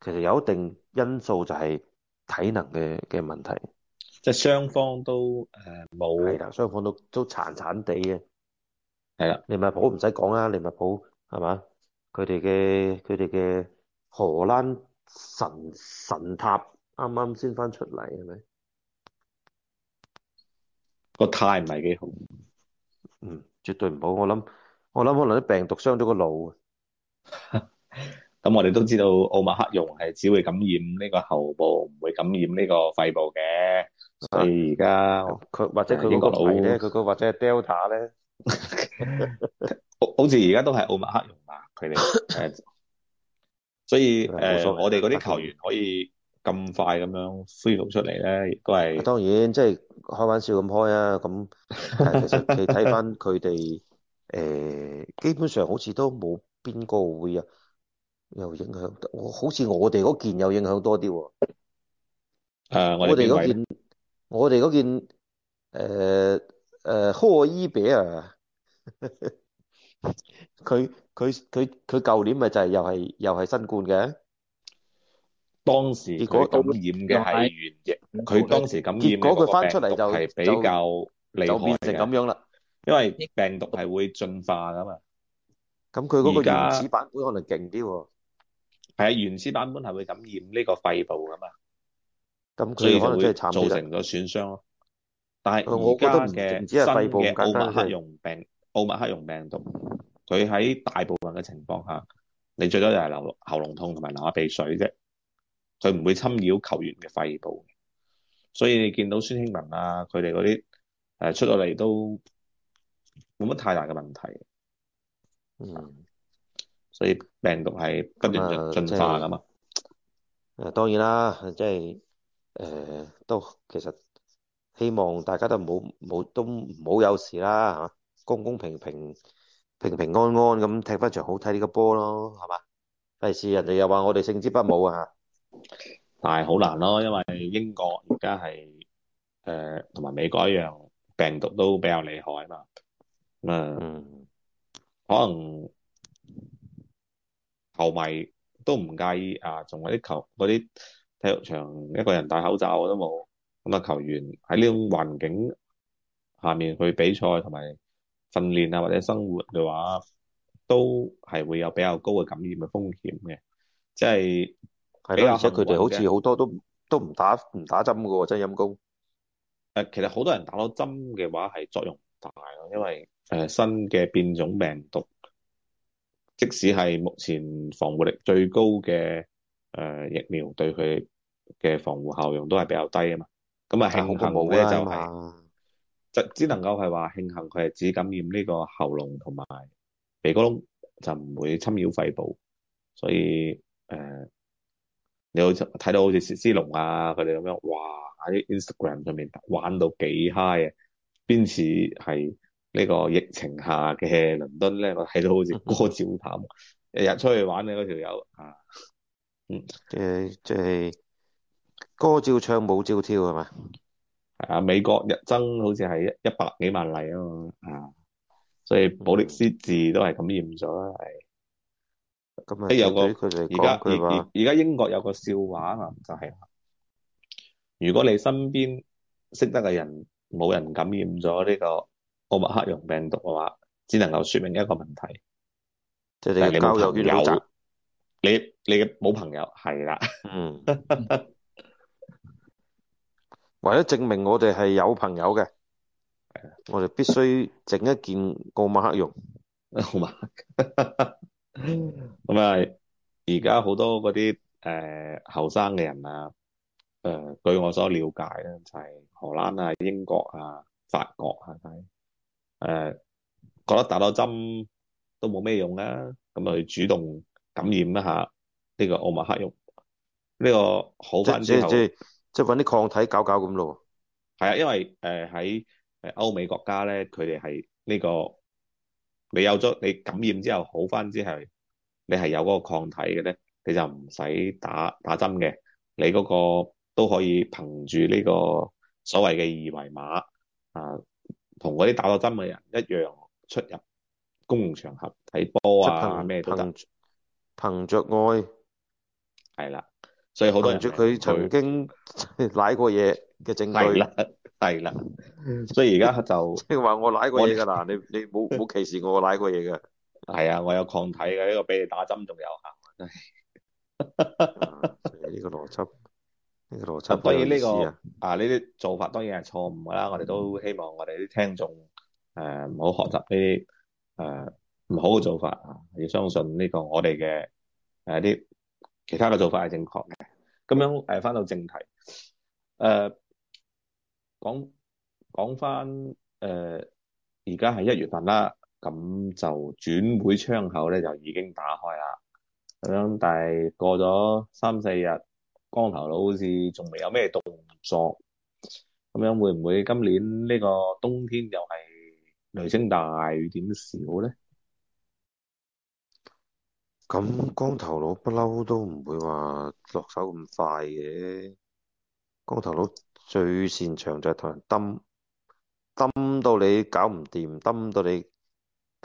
其實有一定因素就係體能嘅嘅問題。即係雙方都誒冇，係、呃、啦，雙方都都殘殘地嘅係啦。利物浦唔使講啦，利物浦係嘛？佢哋嘅佢哋嘅荷蘭神神塔啱啱先翻出嚟，係咪個態唔係幾好？嗯，絕對唔好。我諗我諗，可能啲病毒傷咗個腦。咁 我哋都知道，奧密克戎係只會感染呢個喉部，唔會感染呢個肺部嘅。所以而家佢或者佢嗰個係咧，佢個或者 Delta 咧， 好似而家都係奧密克戎啊，佢哋，所以誒，uh, uh, 我哋嗰啲球員可以咁快咁樣恢復出嚟咧，亦都係、啊、當然，即、就、係、是、開玩笑咁開啊，咁其實你睇翻佢哋誒， uh, 基本上好似都冇邊個會有有影響，好像我好似我哋嗰件有影響多啲，啊、uh,，我哋嗰件。我哋嗰件誒，誒、呃，柯伊比啊，佢佢佢佢舊年咪就係又係又係新冠嘅，當時他的，結果感染嘅係原液，佢當時感染結果佢翻出嚟就，係比較厲害，就變成咁樣啦。因為病毒係會進化噶嘛，咁佢嗰個原始版本可能勁啲喎，係啊，原始版本係會感染呢個肺部噶嘛。咁佢就會造成咗損傷咯。但係而家嘅新嘅奧密克戎病、奧密克戎病毒，佢喺大部分嘅情況下，你最多就係流喉嚨痛同埋流下鼻水啫。佢唔會侵擾球員嘅肺部，所以你見到孫興文啊，佢哋嗰啲誒出到嚟都冇乜太大嘅問題。嗯，所以病毒係不斷進進化噶嘛。誒，當然啦，即係。誒、呃，都其實希望大家都唔好、唔好都唔好有事啦，吓公公平平平平安安咁踢翻場好睇呢嘅波咯，係嘛？第二，人哋又話我哋勝之不武啊，但係好難咯，因為英國而家係誒同埋美國一樣，病毒都比較厲害啊嘛。咁、嗯、可能球迷都唔介意啊，仲有啲球嗰啲。那些體育場一個人戴口罩我都冇，咁啊球員喺呢種環境下面去比賽同埋訓練啊或者生活嘅話，都係會有比較高嘅感染嘅風險嘅，即係係咯，而且佢哋好似好多都都唔打唔打針嘅喎，真係陰功。誒，其實好多人打到針嘅話係作用唔大咯，因為誒新嘅變種病毒，即使係目前防護力最高嘅。誒、呃，疫苗對佢嘅防護效用都係比較低啊嘛，咁啊慶幸服務就係、是、就只能夠係話慶幸佢係只感染呢個喉嚨同埋鼻哥窿，就唔會侵擾肺部，所以誒、呃，你好似睇到好似薛斯龍啊佢哋咁樣，哇喺 Instagram 上面玩到幾嗨啊，邊似係呢個疫情下嘅倫敦咧？我睇到好似歌照探，日日 出去玩你嗰條友啊！嗯，誒，即係歌照唱，舞照跳係嘛？啊、嗯，美國日增好似係一一百幾萬例啊嘛，啊，所以保力斯字都係感染咗啦，係。咁啊、嗯，有個佢哋而家而而而家英國有個笑話啊，就係、係、如果你身邊識得嘅人冇人感染咗呢個奧密克戎病毒嘅話，只能夠說明一個問題，即係你冇朋友。你你冇朋友係啦，嗯，為咗證明我哋係有朋友嘅，我哋必須整一件個馬克用好嘛咁啊。而家好多嗰啲誒後生嘅人啊，誒，據我所了解咧，就係荷蘭啊、英國啊、法國啊，係咪，誒，覺得打多針都冇咩用啊，咁啊，主動。感染一下呢個奧密克戎，呢、呢個好翻之後，即係即係即係揾啲抗體搞搞咁咯。係啊，因為誒喺誒歐美國家咧，佢哋係呢個你有咗你感染之後好翻之後，你係有嗰個抗體嘅咧，你就唔使打打針嘅，你嗰個都可以憑住呢個所謂嘅二維碼啊，同嗰啲打咗針嘅人一樣出入公共場合睇波啊咩都得憑着愛係啦，所以好多人佢曾經舐過嘢嘅證據啦，係啦，所以而家就即係話我舐過嘢噶啦，你你冇冇歧視我舐過嘢㗎。係啊，我有抗體嘅呢個比你打針仲有效，真係呢個邏輯，呢個邏輯當然呢個啊，呢啲做法當然係錯誤噶啦。我哋都希望我哋啲聽眾誒唔好學習呢啲誒。呃唔好嘅做法啊！要相信呢個我哋嘅誒，啲、呃、其他嘅做法係正確嘅。咁樣誒，翻到正題誒，講講翻誒，而家係一月份啦，咁就轉會窗口咧就已經打開啦。咁樣，但係過咗三四日，光頭佬好似仲未有咩動作。咁樣會唔會今年呢個冬天又係雷聲大雨點少咧？咁光頭佬不嬲都唔會話落手咁快嘅，光頭佬最擅長就係同人掹，掹到你搞唔掂，掹到你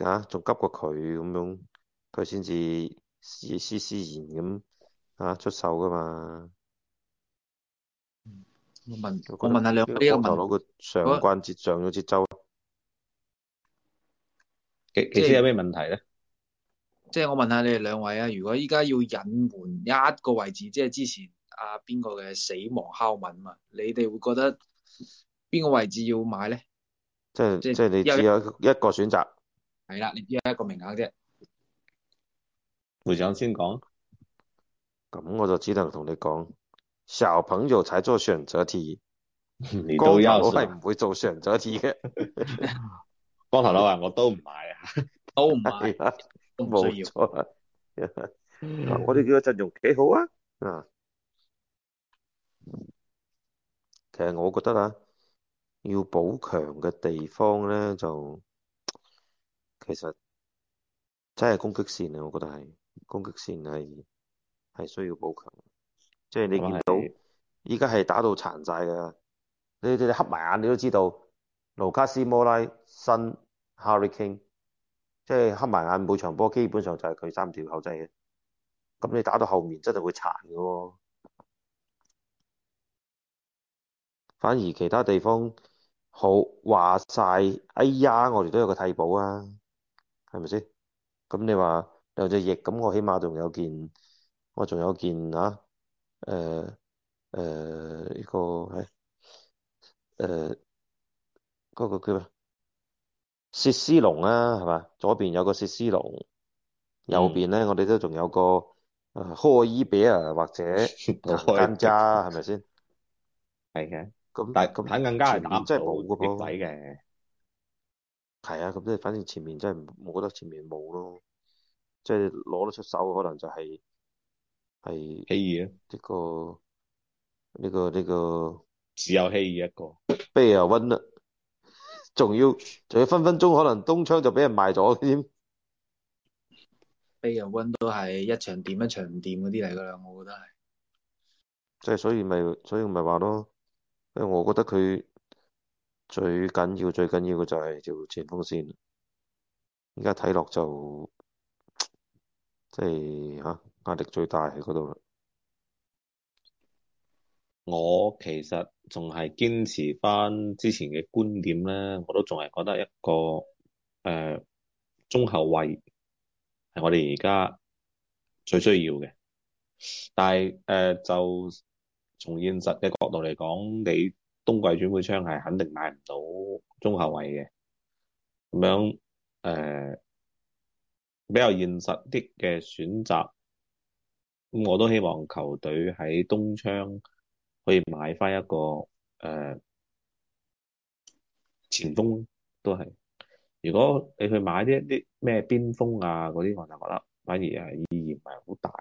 啊仲急過佢咁樣，佢先至試施施然咁啊出手噶嘛。嗯，我問，我問下兩位呢個光頭佬個上關節上咗節奏，其其實有咩問題咧？即係我問下你哋兩位啊，如果依家要隱瞞一個位置，即係之前阿、啊、邊個嘅死亡敲門啊，你哋會覺得邊個位置要買咧？即係是即係你只有一個選擇。係啦，你只有一個名額啫。會長先講，咁我就只能同你講，小朋友才做選擇題，哥老細唔會做選擇題嘅。 光頭佬話我都唔買啊，都唔買。 冇錯，我哋幾個陣容幾好啊！啊，其實我覺得啊，要補強嘅地方咧，就其實真係攻擊線啊！我覺得係攻擊線係係需要補強，即係你見到依家係打到殘晒噶，你哋黑埋眼你都知道，盧卡斯摩拉新 Hurricane。即係黑埋眼，每場波基本上就係佢三條口仔嘅，咁你打到後面真係會殘嘅喎。反而其他地方好話晒，哎呀，我哋都有個替補啊，係咪先？咁你話兩隻翼，咁我起碼仲有件，我仲有一件啊，誒誒呢個係誒嗰個叫咩？那個薛思龍啊，係嘛？左邊有個薛思龍，嗯、右邊咧，我哋都仲有個啊科伊比啊，或者更渣係咪先？係嘅。咁但係咁，但更加係打到冇嘅噃。係啊，咁即係，反正前面真係冇，覺得前面冇咯。即係攞得出手，可能就係係希爾啊，呢個呢個呢個，只有希爾一個貝爾溫仲要仲要分分鐘可能冬窗就俾人賣咗添， 飛人軍都係一場掂一場唔掂嗰啲嚟噶啦，我覺得係，即係所以咪所以咪話咯，因為我覺得佢最緊要最緊要嘅就係條前鋒線，而家睇落就即係嚇壓力最大喺嗰度啦。我其實仲係堅持翻之前嘅觀點咧，我都仲係覺得一個誒、呃、中後衞係我哋而家最需要嘅。但係、呃、就從現實嘅角度嚟講，你冬季轉會窗係肯定買唔到中後衞嘅，咁樣誒、呃、比較現實啲嘅選擇。咁我都希望球隊喺冬窗。可以買翻一個誒、呃、前鋒都係。如果你去買啲啲咩邊鋒啊嗰啲，我就覺得反而係意義唔係好大。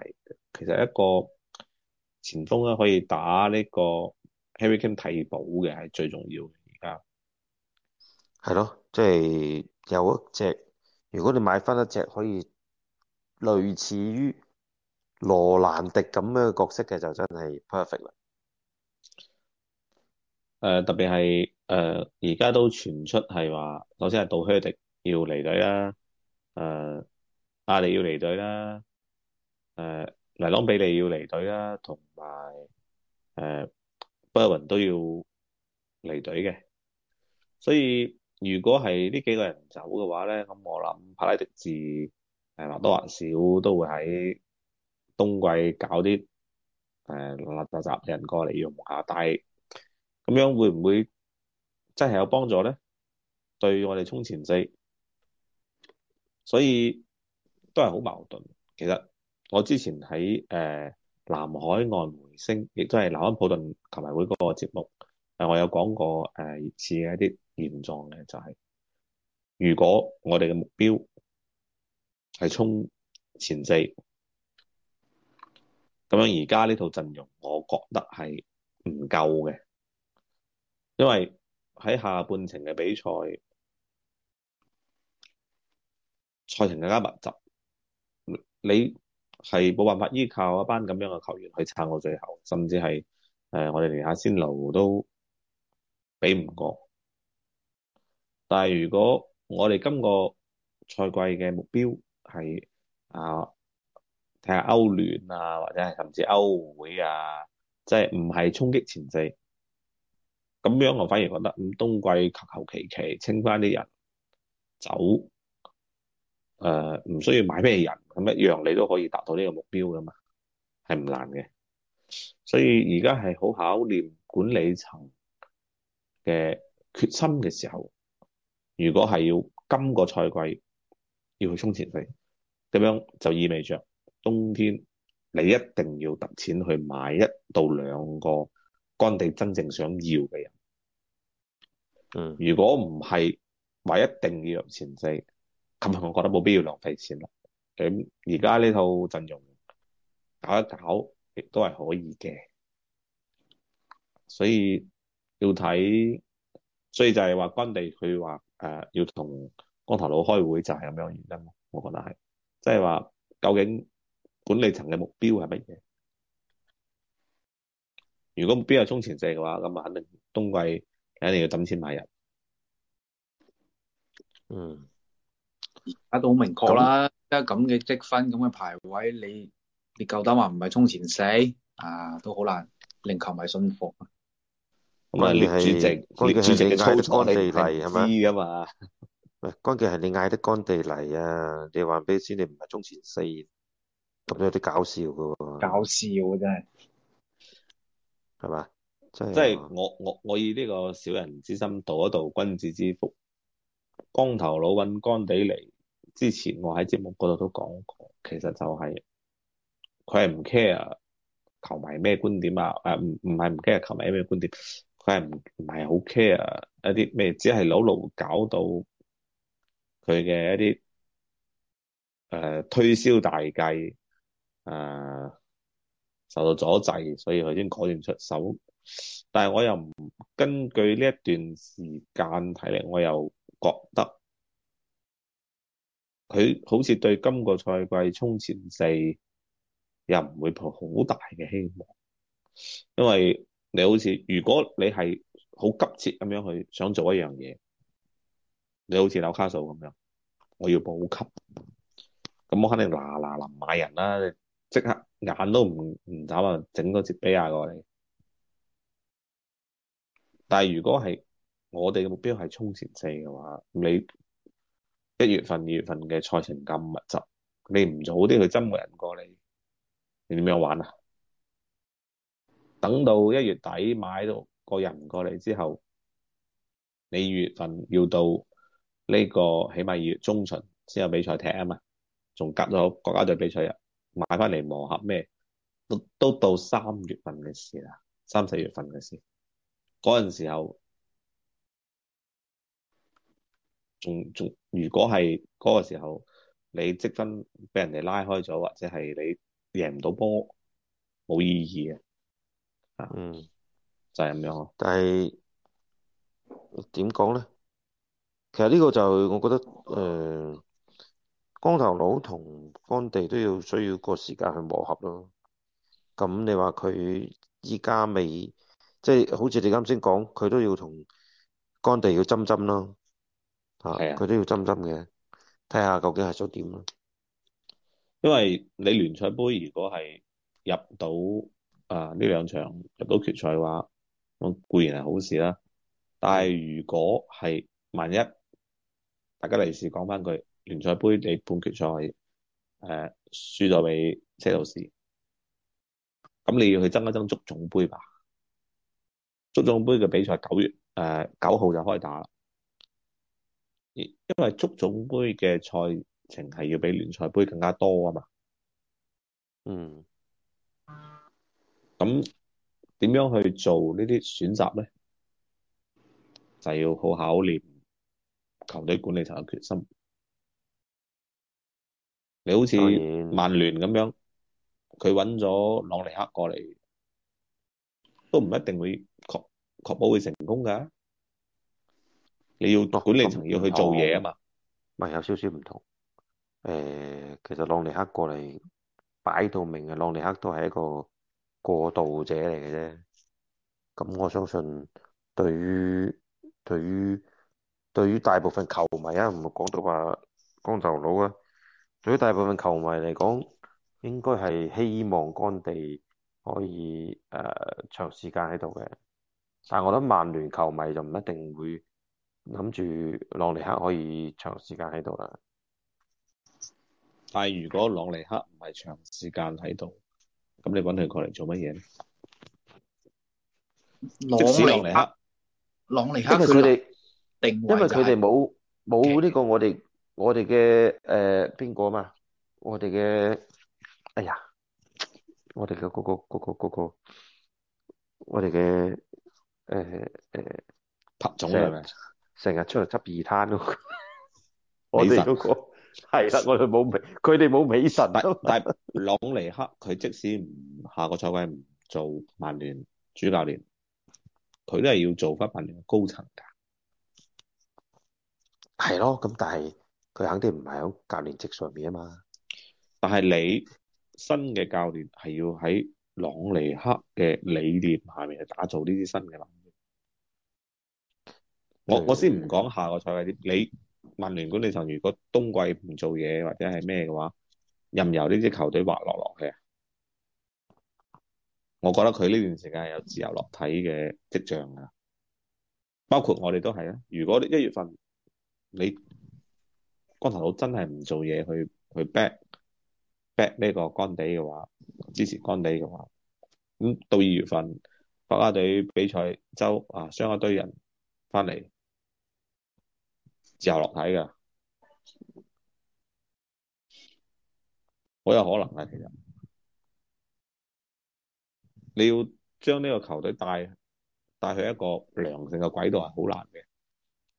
其實一個前鋒咧可以打呢個 Harry Kane 替補嘅係最重要。而家係咯，即係、就是、有一隻。如果你買翻一隻可以類似於羅蘭迪咁樣嘅角色嘅，就真係 perfect 啦。誒，特別係誒，而家都傳出係話，首先係杜靴迪要離隊啦，誒，阿里要離隊啦，誒，尼朗比利要離隊啦，同埋誒，波云都要離隊嘅。所以如果係呢幾個人走嘅話咧，咁我諗帕拉迪治係或多或少都會喺冬季搞啲誒垃雜雜人過嚟要用下，但係。咁樣會唔會真係有幫助咧？對我哋衝前四，所以都係好矛盾。其實我之前喺誒南海岸回升，亦都係南安普頓球迷會嗰個節目，誒我有講過誒熱刺嘅一啲現狀嘅，就係如果我哋嘅目標係衝前四，咁樣而家呢套陣容，我覺得係唔夠嘅。因為喺下半程嘅比賽，賽程更加密集，你係冇辦法依靠一班咁樣嘅球員去撐到最後，甚至係我哋連下仙奴都比唔過。但係如果我哋今個賽季嘅目標係啊，睇下歐聯啊，或者係甚至歐會啊，即係唔係衝擊前四。咁樣我反而覺得咁冬季求求其其清翻啲人走，誒、呃、唔需要買咩人咁一樣，你都可以達到呢個目標噶嘛，係唔難嘅。所以而家係好考驗管理層嘅決心嘅時候。如果係要今個賽季要去充錢費，咁樣就意味着冬天你一定要揼錢去買一到兩個，干地真正想要嘅人，嗯，如果唔係話一定要入前四，咁我覺得冇必要浪費錢啦。咁而家呢套陣容搞一搞亦都係可以嘅，所以要睇，所以就係話干地佢話誒要同光頭佬開會就係咁樣原因咯。我覺得係，即係話究竟管理層嘅目標係乜嘢？如果冇邊有充前四嘅話，咁啊肯定冬季一定要掟錢買入。嗯，而家都好明確啦，而家咁嘅積分、咁嘅排位，你你夠膽話唔係充前四啊，都好難令球迷信服。關鍵係關鍵係乾地嚟係咪啊嘛？喂嗎，關鍵係你嗌得乾地嚟啊！你話俾先，你唔係充前四，咁樣有啲搞笑噶喎、啊。搞笑啊！真係。係嘛？是即係我我我以呢個小人之心度一度君子之腹。光頭佬搵乾地嚟，之前我喺節目嗰度都講過，其實就係佢係唔 care 球迷咩觀點啊？誒，唔唔係唔 care 球迷咩觀點，佢係唔唔係好 care 一啲咩？只係老老搞到佢嘅一啲誒、呃、推銷大計誒。呃受到阻滯，所以佢已經改變出手。但係我又唔根據呢一段時間睇嚟，我又覺得佢好似對今個賽季衝前四又唔會抱好大嘅希望，因為你好似如果你係好急切咁樣去想做一樣嘢，你好似紐卡素咁樣，我要保級，咁我肯定嗱嗱臨買人啦。即刻眼都唔唔眨啊，整個接比亞過嚟。但係如果係我哋嘅目標係衝前四嘅話，你一月份，二月份嘅賽程咁密集，你唔早啲去針個人過嚟，你點樣玩啊？等到一月底買到個人過嚟之後，你二月份要到呢個起碼二月中旬先有比賽踢啊嘛，仲隔咗國家隊比賽日。買翻嚟磨合咩都都到三月份嘅事啦，三四月份嘅事，嗰陣時候仲仲如果係嗰個時候你積分俾人哋拉開咗，或者係你贏唔到波，冇意義啊，啊，嗯，就係咁樣嗬，但係點講咧？其實呢個就我覺得誒。呃光頭佬同干地都要需要個時間去磨合咯啊。咁你話佢依家未，即係好似你啱先講，佢都要同干地要針針咯。係啊，佢都要針針嘅，睇下究竟係想點啦。因為你聯賽杯如果係入到啊呢兩場入到決賽嘅話，咁固然係好事啦。但係如果係萬一，大家嚟時講翻句。聯賽杯你半決賽誒輸咗畀車路士，咁你要去爭一爭足總杯吧？足總杯嘅比賽九月誒九號就開打啦。因為足總杯嘅賽程係要比聯賽杯更加多啊嘛，嗯，咁點樣去做呢啲選擇咧？就要好考驗球隊管理層嘅決心。你好似曼聯咁樣，佢揾咗朗尼克過嚟，都唔一定會確確保會成功㗎。你要管理層要去做嘢啊嘛。咪有少少唔同。誒，其實朗尼克過嚟擺到明嘅，朗尼克都係一個過渡者嚟嘅啫。咁我相信，對於對於對於大部分球迷啊，唔係講到話光頭佬啊。對於大部分球迷嚟講，應該係希望干地可以誒、呃、長時間喺度嘅，但係我覺得曼聯球迷就唔一定會諗住朗尼克可以長時間喺度啦。但係如果朗尼克唔係長時間喺度，咁你搵佢過嚟做乜嘢咧？朗尼克，朗尼克，佢哋定位就係，因為佢哋冇冇呢個我哋。我哋嘅誒，邊、呃、個嘛？我哋嘅哎呀，我哋嘅嗰個嗰個嗰個、嗰個，我哋嘅誒誒，帕、呃呃、總係咪？成日出嚟執二攤嗰個，我哋個係啦，我哋冇美，佢哋冇美神。但但朗尼克佢 即使唔下個賽季唔做曼聯主教練，佢都係要做翻曼聯嘅高層噶。係咯，咁但係。佢肯定唔係喺教練席上面啊嘛，但係你新嘅教練係要喺朗尼克嘅理念下面去打造呢啲新嘅能力。 我我先唔講下個賽位，你曼聯管理層如果冬季唔做嘢或者係咩嘅話，任由呢支球隊滑落落去啊？我覺得佢呢段時間係有自由落體嘅跡象㗎！包括我哋都係啊！如果一月份你。光頭佬真係唔做嘢去去 back back 呢個乾地嘅話，支持乾地嘅話，咁到二月份國家隊比賽周，啊，傷一堆人翻嚟自由落體㗎，好有可能嘅其實，你要將呢個球隊帶帶去一個良性嘅軌道係好難嘅，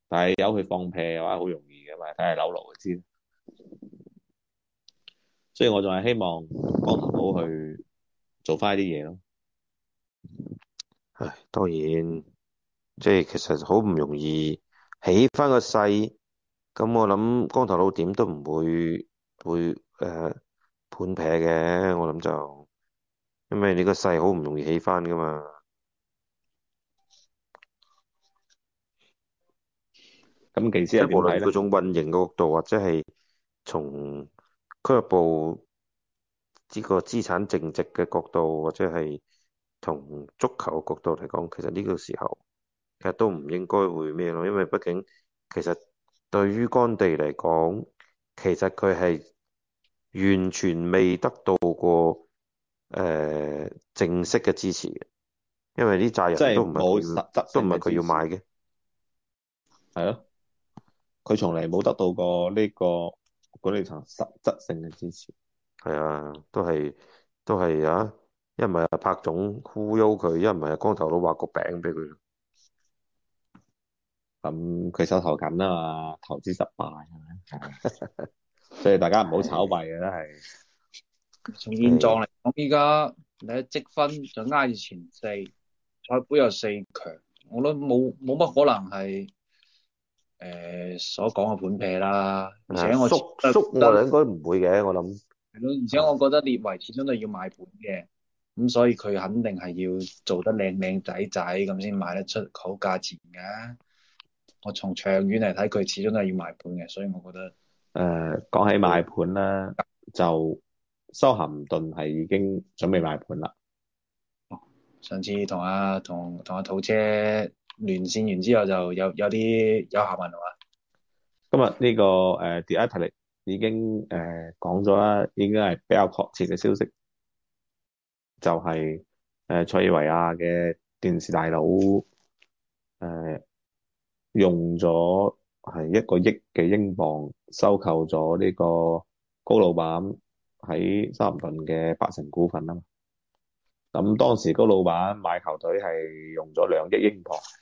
但係有佢放屁嘅話好容易。睇下樓奴知，所以我仲係希望光頭佬去做翻啲嘢咯。唉，當然，即係其實好唔容易起翻個勢，咁我諗光頭佬點都唔會會誒判劈嘅，我諗就因為你個勢好唔容易起翻㗎嘛。咁，其實無論喺嗰種運營嘅角度，或者係從俱樂部呢個資產淨值嘅角度，或者係同足球嘅角度嚟講，其實呢個時候其實都唔應該會咩咯，因為畢竟其實對於干地嚟講，其實佢係完全未得到過誒、呃、正式嘅支持嘅，因為啲債人都唔係佢要，都唔係佢要買嘅，係咯。佢從嚟冇得到過呢個管理層實質性嘅支持，係啊，都係都係啊，一唔係阿柏總忽悠佢，一唔係阿光頭佬畫個餅俾佢。咁佢、嗯、手頭緊啊嘛，投資失敗啊，的 所以大家唔好炒幣啊，係的都係。從現狀嚟講，依家的你嘅積分就挨住前四，我表有四強，我都冇冇乜可能係。誒、呃，所講嘅盤劈啦，而且的我縮縮，我哋應該唔會嘅，我諗係咯。而且我覺得列維始終都係要賣盤嘅，咁的、嗯、所以佢肯定係要做得靚靚仔仔咁先賣得出好價錢嘅、啊。我從長遠嚟睇，佢始終都係要賣盤嘅，所以我覺得誒，講、呃、起賣盤啦，的就修咸頓係已經準備賣盤啦。上次同阿同同阿土姐。連線完之後就有有啲有下文係嘛？今日呢、這個誒，The Athletic、呃、已經誒講咗啦，已經係比較確切嘅消息，就係、是、誒、呃，塞爾維亞嘅電視大佬誒、呃、用咗係一個億嘅英鎊收購咗呢個高老闆喺修咸頓嘅八成股份啊。咁當時高老闆買球隊係用咗兩億英鎊。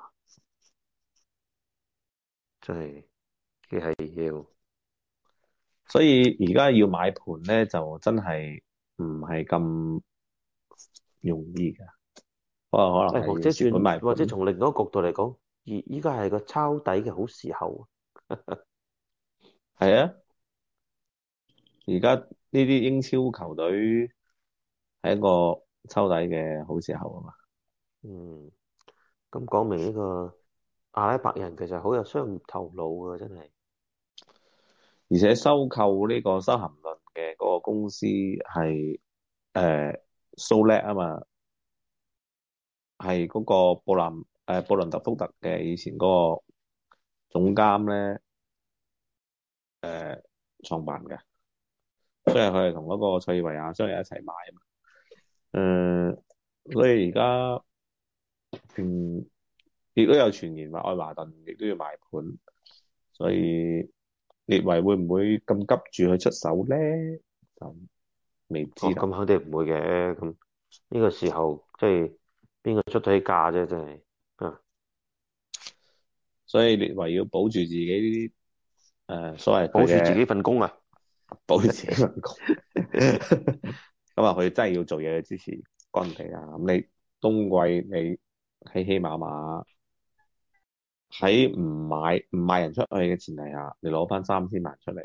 即係，佢係、真係、要，所以而家要買盤咧，就真係唔係咁容易噶。哇，可能，可能或者轉或者從另一個角度嚟講，而依家係個抄底嘅好時候，係啊。而家呢啲英超球隊係一個抄底嘅好時候啊嘛。嗯，咁講明呢個。阿拉伯人其實好有商業頭腦噶，真係。而且收購呢個修咸頓嘅嗰個公司係誒蘇叻啊嘛，係嗰個布蘭誒、呃、布倫特福特嘅以前嗰個總監咧誒創辦嘅，所以佢係同嗰個塞爾維亞商人一齊買啊嘛。誒、呃，所以而家亦都有傳言話愛華頓亦都要賣盤，所以列維會唔會咁急住去出手咧？咁未知。咁肯定唔會嘅。咁呢個時候即係邊個出得起價啫？真係啊，所以列維要保住自己呢啲誒所謂保住自己份工啊，保住自己份工。咁啊，佢真係要做嘢嘅支持干地啊。咁你冬季你起起碼碼，喺唔買唔賣人出去嘅前提下，你攞翻三千萬出嚟，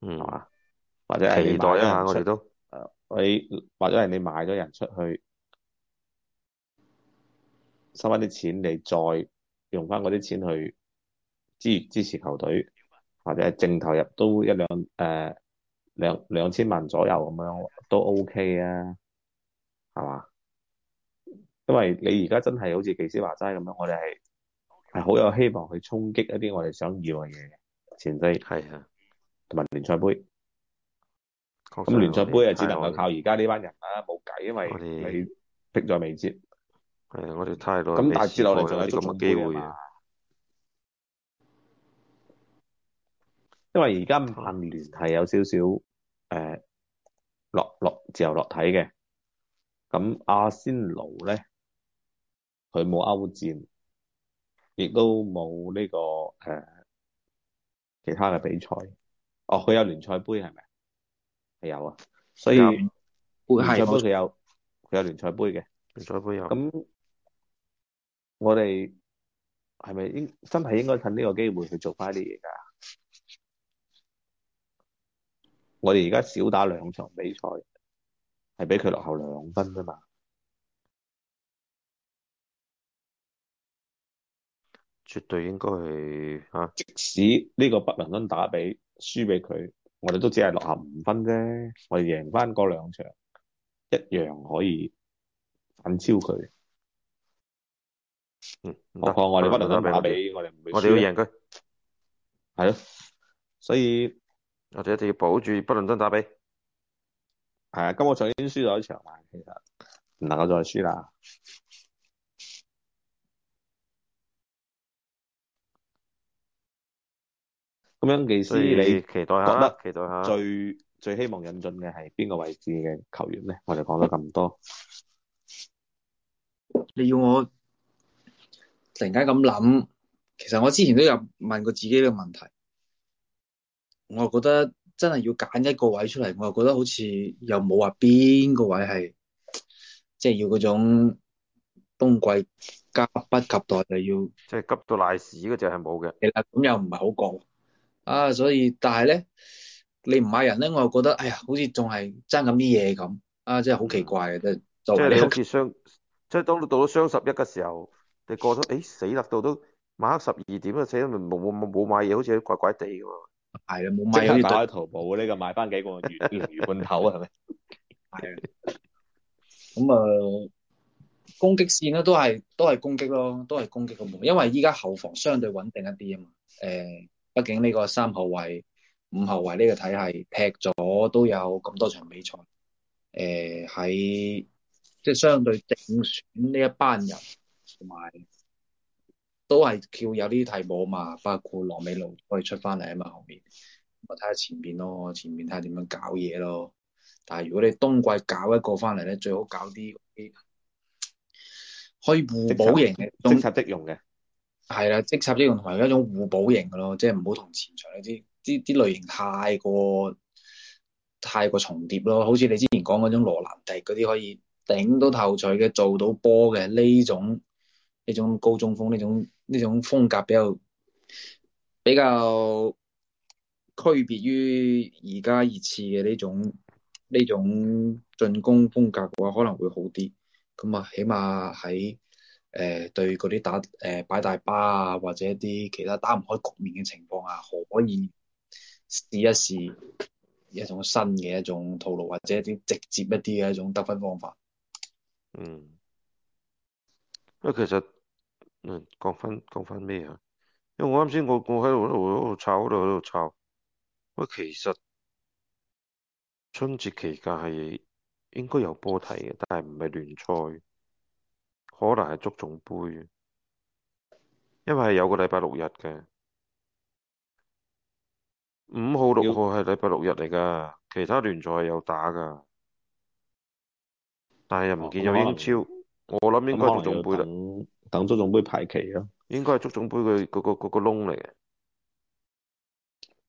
係嘛？或者係期待一下，我哋都誒，你或者係你賣咗人出去，收翻啲錢，你再用翻嗰啲錢去支支持球隊，或者係淨投入都一兩誒兩兩千萬左右咁樣都 OK 啊，係嘛？因為你而家真係好似技師話齋咁樣，我哋係。係好有希望去衝擊一啲我哋想要嘅嘢，前世，係啊，同埋聯賽杯。咁確實 聯賽杯啊，只能夠靠而家呢班人啦，冇計們，因為你迫在眉睫。係啊，我哋太耐。咁但係接落嚟仲有啲咁嘅機會啊。因為而家曼聯係有少少誒、呃、落落自由落體嘅，咁阿仙奴咧，佢冇歐戰。亦都冇呢、這個誒、呃、其他嘅比賽。哦，佢有聯賽杯係咪啊？係有啊，所以會聯賽杯佢有，佢有聯賽杯嘅聯賽杯有。咁我哋係咪真係應該趁呢個機會去做返啲嘢㗎？我哋而家少打兩場比賽，係俾佢落後兩分啫嘛。絕對應該係吓，啊、即使呢個北倫敦打比輸俾佢，我哋都只係落後五分啫。我哋贏翻嗰兩場，一樣可以反超佢。嗯，我講我哋北倫敦打比，我哋唔會輸。我哋要贏佢，係咯，所以我哋一定要保住北倫敦打比。係啊，今個賽已經輸咗一場了，其實唔能夠再輸啦。咁樣，其實你覺得最最希望引進嘅係邊個位置嘅球員咧？我哋講咗咁多，你要我突然間咁諗，其實我之前都有問過自己呢個問題，我覺得真係要揀一個位出嚟，我覺得好似又冇話邊個位係即係要嗰種冬季急不及待就要，即係急到賴屎嗰隻係冇嘅。其實，咁又唔係好講。啊，所以但係咧，你唔買人咧，我又覺得哎呀，好似仲係爭緊啲嘢咁啊，真係好奇怪嘅。嗯、就即係你好似雙，即係當你到到咗雙十一嘅時候，你過咗誒、哎、死啦，到都晚黑十二點了怪怪啊，死都冇冇冇冇買嘢，好似怪怪地噶嘛。係啊，冇買啊，打開淘寶呢、這個買翻幾個月魚罐頭啊，係咪 ？係啊，咁啊、呃，攻擊線咧都係都係攻擊咯，都係攻擊咁，因為依家後防相對穩定一啲啊嘛，誒、呃。畢竟呢個三號位、五號位呢個體系踢咗都有咁多場比賽，誒、呃、喺即係相對正選呢一班人，同埋都係叫有啲替補啊嘛，包括羅美路可以出翻嚟啊嘛，後面我睇下前面咯，前面睇下點樣搞嘢咯。但係如果你冬季搞一個翻嚟咧，最好搞啲可以互補型嘅，即插即用嘅。係啦，即插即用同埋一種互補型嘅咯，即係唔好同前場啲啲啲類型太過太過重疊咯。好似你之前講嗰種羅蘭迪嗰啲可以頂到頭槌嘅，做到波嘅呢種呢種高中鋒呢種呢種風格比較比較區別於而家熱刺嘅呢種呢種進攻風格嘅話，可能會好啲。咁啊，起碼喺誒、呃，對嗰啲打誒擺、呃、大巴啊，或者一啲其他打唔開局面嘅情況啊，可以試一試一種新嘅一種套路，或者一啲直接一啲嘅一種得分方法。嗯，因為其實嗯講翻講翻咩啊？因為我啱先我我喺度喺度喺度炒，喺度喺度炒。喂，其實春節期間係應該有波睇嘅，但係唔係聯賽。可能係足總杯，因為係有個禮拜六日嘅，五號六號係禮拜六日嚟噶，其他聯賽係有打噶，但係又唔見有英超，我諗應該足總杯啦，等足總杯排期咯。應該係足總杯佢嗰個嗰個窿嚟嘅，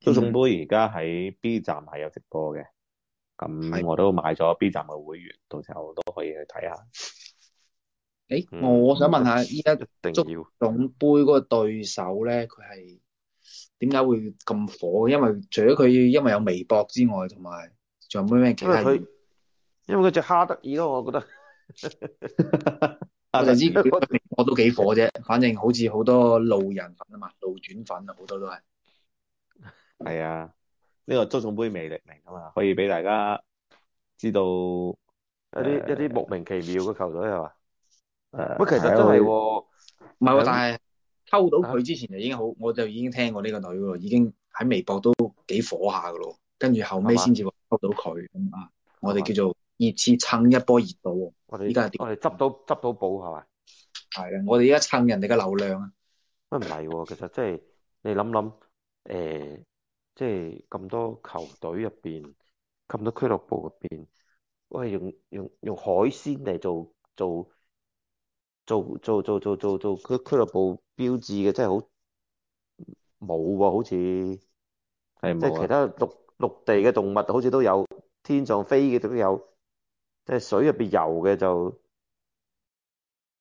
足總、嗯、杯而家喺 B 站係有直播嘅，咁我都買咗 B 站嘅會員，的到時候都可以去睇下。誒，我想問下，依家足總盃嗰個對手咧，佢係點解會咁火？因為除咗佢因為有微博之外，同埋仲有咩咩其他？因為佢因為嗰隻蝦得意咯，我覺得啊，就知我都幾火啫。反正好似好多路人粉啊嘛，路轉粉啊，好多都係係啊，呢個足總盃魅力嚟噶嘛，可以俾大家知道一啲一啲莫名其妙嘅球隊係嘛。誒，不過、嗯、其實真、就、係、是，唔係喎，是是的但係溝到佢之前就已經好，我就已經聽過呢個女喎，已經喺微博都幾火下噶咯，跟住後尾先至溝到佢咁啊，我哋叫做熱刺蹭一波熱度。我哋依家係點？我哋執到執到寶係咪？係、就、啊、是，我哋依家蹭人哋嘅流量啊。喂，唔係，其實即係你諗諗，誒，即係咁多球隊入邊，咁多俱樂部入邊，我係用用用海鮮嚟做做。做做做做做做做佢俱樂部標誌嘅真係好冇喎，好似即係其他陸陸地嘅動物好似都有，天上飛嘅都有，即係水入邊游嘅就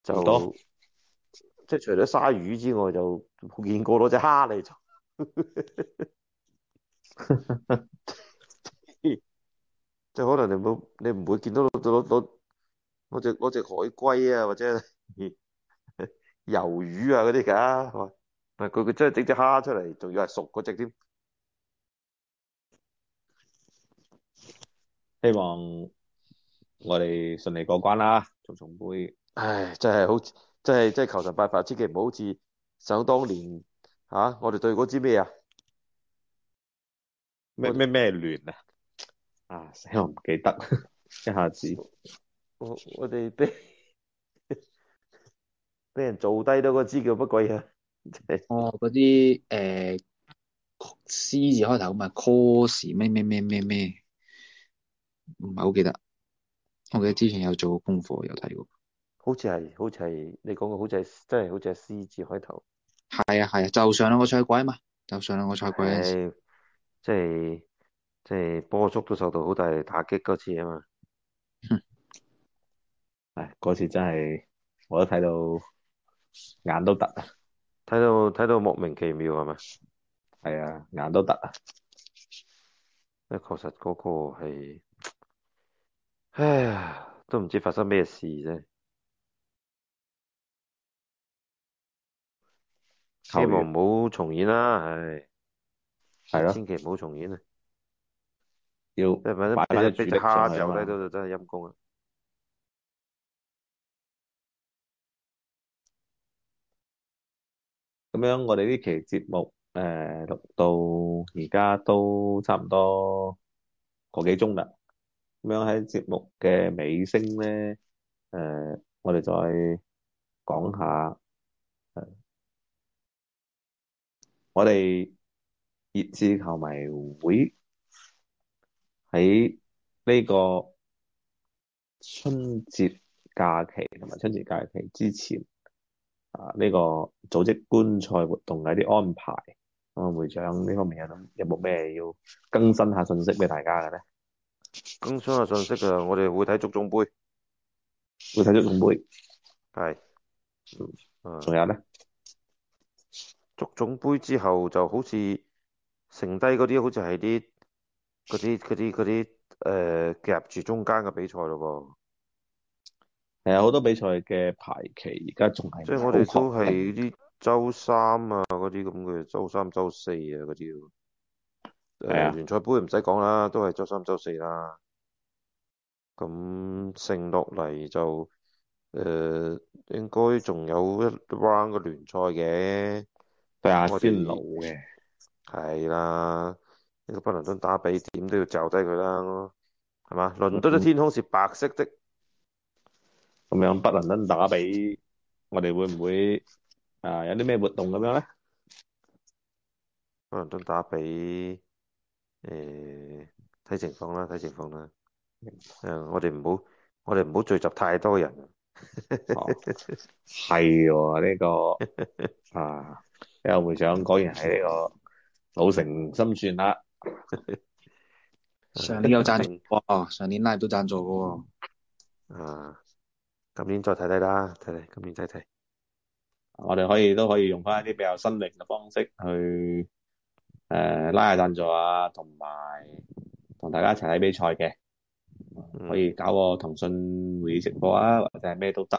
就即係多除咗鯊魚之外就冇見過攞隻蝦嚟，就，即係可能你冇你唔會見到攞攞攞隻隻海龜啊或者。魚、魷魚啊嗰啲噶，係、哎、嘛？佢佢真係整隻蝦出嚟，仲要係熟嗰隻添。希望我哋順利過關啦，重重杯。唉，真係好，真係真係求神拜佛，千祈唔好好似想當年吓、啊，我哋對嗰支咩麼我啊？咩咩咩聯啊？啊，死我唔記得，啊、一下子。我我哋俾人做低咗嗰支叫乜鬼啊？ 哦，嗰啲誒，C 字開頭啊嘛 Course 咩咩咩咩咩，唔係好記得。我記得之前有做過功課，有睇過。好似係，好似係，你講過好似係，真係好似係 C 字開頭。係啊係啊，就上兩個賽季嘛，就上兩個賽季。即係即係波叔都受到好大打擊嗰次啊嘛。係、 哎，嗰次真係我都睇到。眼都突啊，睇到睇到莫名其妙係嘛？係啊，眼都突啊，即係確實嗰個係，唉，都唔知發生咩事啫。希望唔好重演啦，緣唉，係咯，千祈唔好重演啊，要即係萬一俾隻俾隻蝦走咧，都真係陰功啊。咁樣，我哋呢期節目誒、呃、錄到而家都差唔多個幾鐘啦。咁樣喺節目嘅尾聲咧，誒、呃，我哋再講下，呃、我哋熱刺球迷會喺呢個春節假期同埋春節假期之前。啊！呢、這個組織觀賽活動嘅啲安排，阿、啊、會長呢方面有諗有冇咩要更新下信息俾大家嘅咧？更新下信息嘅，我哋會睇足總杯，會睇足總杯，係是。嗯，仲有咧？足總杯之後就好似剩低嗰啲，好似係啲嗰啲嗰啲嗰啲誒夾住中間嘅比賽咯噃。係啊，好多比賽嘅排期，而家仲係即係我哋都係啲周三啊，嗰啲咁嘅周三、周四啊，嗰啲咯。係啊，聯賽杯唔使講啦，都係周三、周四啦。咁剩落嚟就誒、呃，應該仲有一 round 嘅聯賽嘅。係啊，我先老嘅。係啦，呢、這個不倫敦打比，點都要就低佢啦。係嘛，倫敦嘅天空是白色的。嗯咁樣不能登打比、啊欸啊，我哋會唔會啊有啲咩活動咁樣咧？不能登打比，誒，睇情況啦，睇情況啦。誒，我哋唔好，我哋唔好聚集太多人。係 喎、哦，呢、這個啊，阿 會長果然係呢個老成心算啦。上年有贊助，上年拉都贊助過。嗯、啊！今年再睇睇啦，睇睇，今年睇睇，我哋可以都可以用翻一啲比較新穎嘅方式去，誒、呃、拉下贊助啊，同埋同大家一齊睇比賽嘅，嗯、可以搞個騰訊會議直播啊，或者咩都得，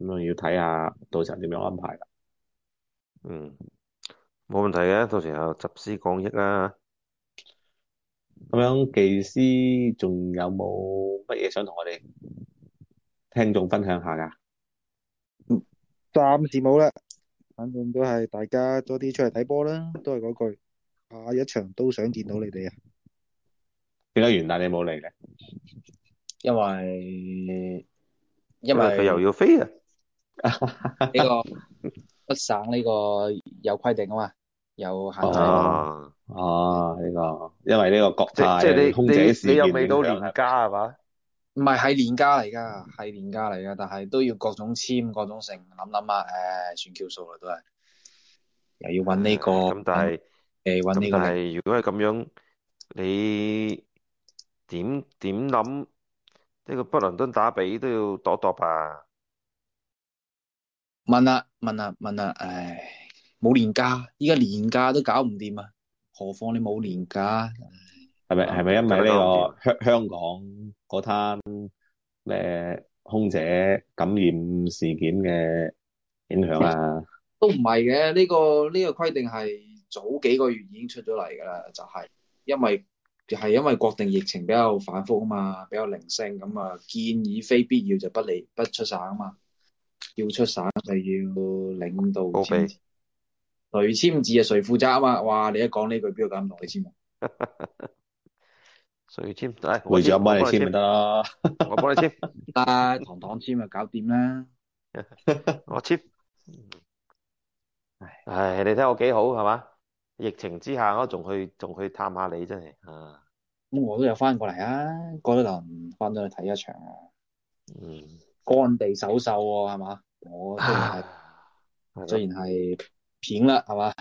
咁樣要睇下到時候點樣安排啦。嗯，冇問題嘅，到時候有集思廣益啦。咁樣技師仲有冇乜嘢想同我哋？聽眾分享下噶，暫時冇啦。反正都係大家早啲出嚟睇波啦，都係嗰句，下一場都想見到你哋啊。點解元旦你冇嚟嘅？因為因為佢又要飛啊。呢個北省呢個有規定啊嘛，有限制啊。哦，呢個因為呢個國泰即係你你你又未到年假係嘛？唔係，係年假嚟噶，係年假嚟噶，但係都要各種簽，各種成諗諗啊，誒、哎，算叫數啦，都係又要搵呢個咁，但係誒搵呢個，如果係咁樣，你點點諗？呢個北倫敦打比都要度度吧問、啊？問啊問啊問啊，唉，冇年假，依家年假都搞唔掂啊，何況你冇年假？係咪係咪因為呢個香香港嗰攤空姐感染事件嘅影響啊？都唔係嘅，呢、這個呢、這個規定係早幾個月已經出咗嚟噶啦，就係、是、因為係、就是、因為國定疫情比較反復啊嘛，比較零星咁啊，建議非必要就不理不出省啊嘛，要出省就要領導簽字，誰簽字啊？誰負責啊嘛？哇！你一講呢句，邊個敢同你簽所以簽？嚟，會長幫你簽咪得，我幫你簽，帶堂堂簽咪搞掂啦。我簽，唉，你睇我幾好係嘛？疫情之下我仲去仲去探下你真係啊。咁我都有翻過嚟啊，咗陣翻咗去睇一場，啊，嗯，干地首秀係，啊，嘛？我，就是， 雖然係平啦，係嘛，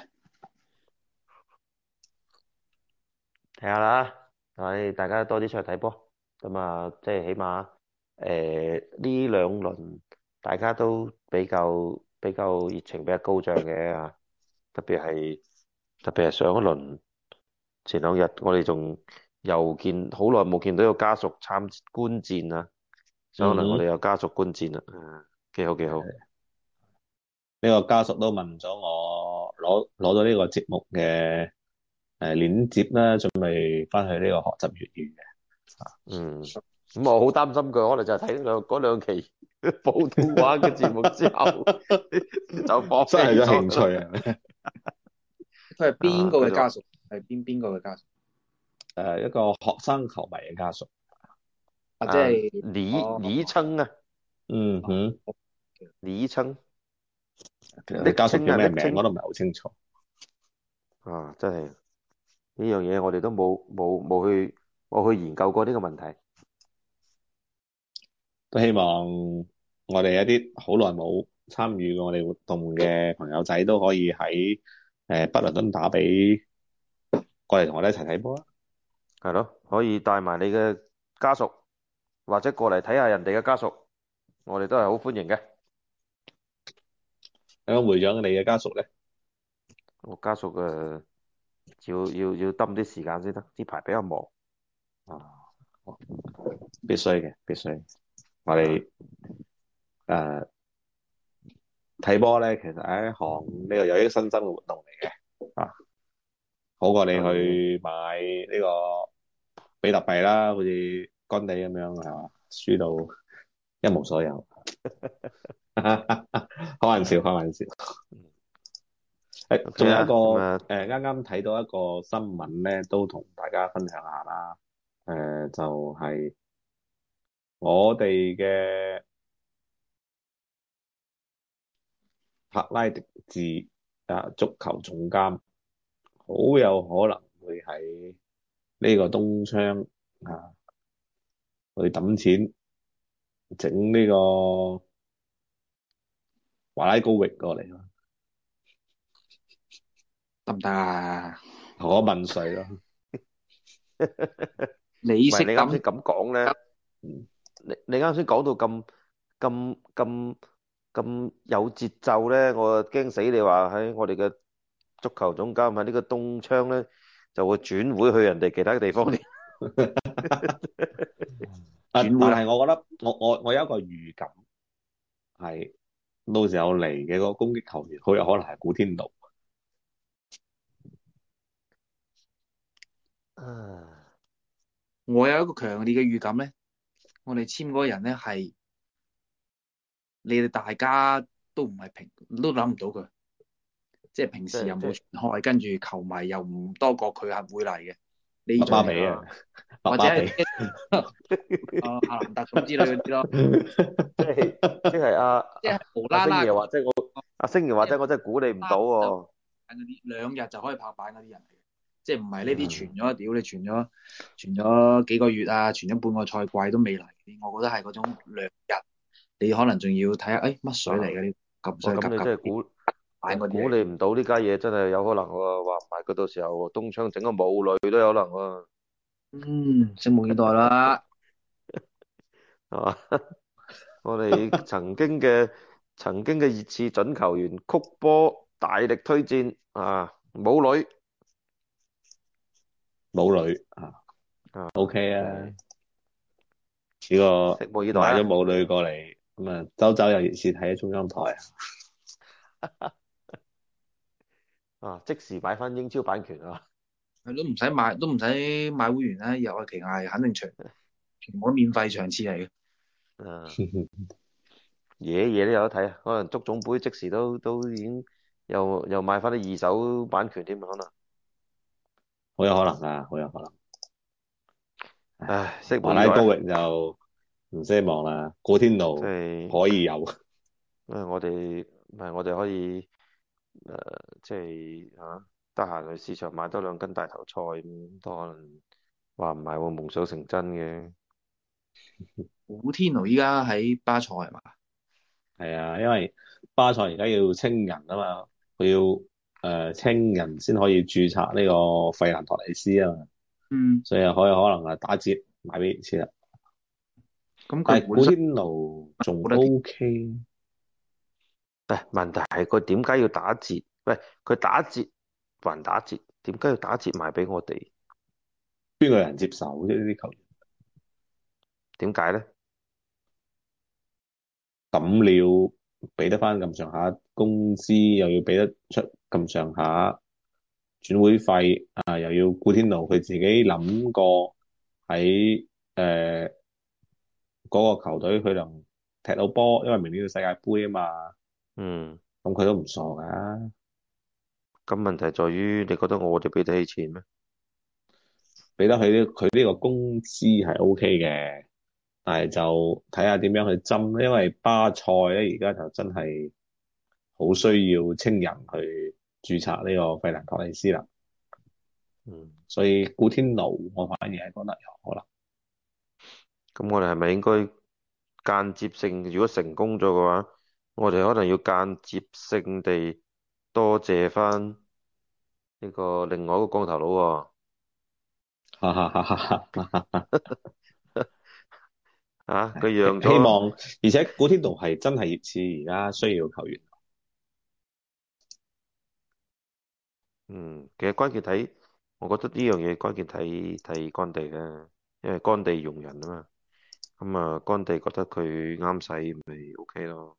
睇下啦。係，大家多啲出去睇波，咁啊，即係起碼誒呢兩輪大家都比較比較熱情，比較高漲嘅，特別係特別係上一輪前兩日，我哋仲又見好耐冇見到有家屬參觀戰啊，上輪我哋有家屬觀戰啊，幾好幾好，呢個家屬都問咗我攞攞咗呢個節目嘅。誒，鏈、啊、接咧，準備翻去呢個學習粵語嘅。嗯，咁我好擔心佢，可能就係睇兩嗰兩期普通話嘅節目之後， 就冇真係有興趣啊。佢係邊個嘅家屬？係邊邊個嘅家屬？誒、啊，一個學生球迷嘅家屬。啊，即、就、係、是、李、哦、李春啊。嗯哼。李春青，其實啲家屬叫咩名？青我都唔係好清楚。啊，真係。呢樣嘢我哋都冇冇冇去，冇去研究過呢個問題。都希望我哋有啲好耐冇參與過我哋活動嘅朋友仔都可以喺誒北倫敦打比過嚟同我哋一齊睇波啊！係咯，可以帶埋你嘅家屬，或者過嚟睇下人哋嘅家屬，我哋都係好歡迎嘅。阿會長，你嘅家屬咧？我家屬嘅。要要要抌啲時間先得，呢排比較忙啊，必須嘅，必須。我哋誒睇波咧，其實係一項呢個有益身心嘅活動嚟嘅啊，好過你去買呢個比特幣啦，好似干地咁樣係嘛？輸到一無所有， 開玩笑，開玩笑。仲有一個誒，啱啱睇到一個新聞咧，都同大家分享下啦。誒、呃，就係我哋嘅帕拉迪治啊，足球總監，好有可能會喺呢個冬窗啊，去揼錢整呢個華拉高域過嚟啦。得唔得啊？我問誰咯，你你啱先咁講咧，你你啱先講到咁咁咁咁有節奏咧，我驚死你話喺我哋嘅足球總監喺呢個冬窗咧，就會轉會去人哋其他嘅地方。但但係我覺得我我我有一個預感，係到時候嚟嘅嗰個攻擊球員，好有可能係古天奴。啊！我有一個強烈嘅預感咧，我哋簽嗰個人咧係你哋大家都唔係平，都諗唔到佢，即係平時又冇開，跟住球迷又唔多過佢係會嚟嘅。你巴未啊，或者係阿林蘭達之類嗰啲咯，即係即係阿，即係無啦啦，或者我阿星爺話，即係我真係鼓勵唔到喎。嗰啲兩日就可以拍板嗰啲人嚟。即係唔係呢啲傳咗屌你傳咗傳咗幾個月啊，傳咗半個賽季都未嚟，我覺得係嗰種兩日，你可能仲要睇下誒乜水嚟嘅咁水咁、嗯急哦、你真係估估你唔到呢家嘢真係有可能喎、啊，話唔埋佢到時候冬窗整個舞女都有可能喎、啊。嗯，拭目以待啦，係嘛？我哋曾經嘅 曾經嘅熱刺準球員曲波大力推薦啊舞女。母女啊，啊，OK 啊，呢 okay、這個買咗母女過嚟，咁啊周周又熱切睇喺中央台啊，走走台啊即時買翻英超版權啊，係咯，唔使買，都唔使買會員啦，由愛奇藝肯定全全部免費場次嚟嘅，嘢嘢、啊、 都有得睇，啊，可能足總杯即時都都已經又又買翻啲二手版權添啊，可能。好有可能啊，好有可能。唉，馬拉多域就唔奢望啦。古天奴可以有，因為、就是、 我哋唔係我哋可以，誒、呃，即係吓，得、啊、閒去市場買多兩斤大頭菜咁，都可能話唔係喎，夢想成真嘅。 古天奴依家喺巴塞係嘛？係啊，因為巴塞而家要清人啊嘛，佢要。誒青、呃、人先可以註冊呢個費蘭托尼斯啊嘛，嗯，所以又可以可能係打折買俾你知啦。咁佢本身，但係古天奴仲 O K。喂，問題係佢點解要打折？喂，佢打折還打折？點解要打折賣俾我哋？邊個人接受啫？呢啲球員點解咧？抌料。俾得翻咁上下工資，又要俾得出咁上下轉會費啊！又要古天奴，佢自己諗過喺誒嗰個球隊，佢能踢到波，因為明年嘅世界盃啊嘛。嗯，咁佢都唔傻噶。咁問題在於，你覺得我哋俾得起錢咩？俾得起，佢呢個工資係 OK 嘅。但係就睇下點樣去針，因為巴塞咧而家就真係好需要清人去註冊呢個費蘭托利斯啦。嗯，所以古天奴我反而係覺得有可能。咁我哋係咪應該間接性？如果成功咗嘅話，我哋可能要間接性地多謝翻呢個另外一個光頭佬。哈哈哈哈哈哈！吓，佢、啊、讓希望，而且古天奴係真係似而家需要球員。嗯，其實關鍵睇，我覺得呢樣嘢關鍵睇睇干地啦，因為干地用人啊嘛。咁啊，干地覺得佢啱使咪 OK 咯。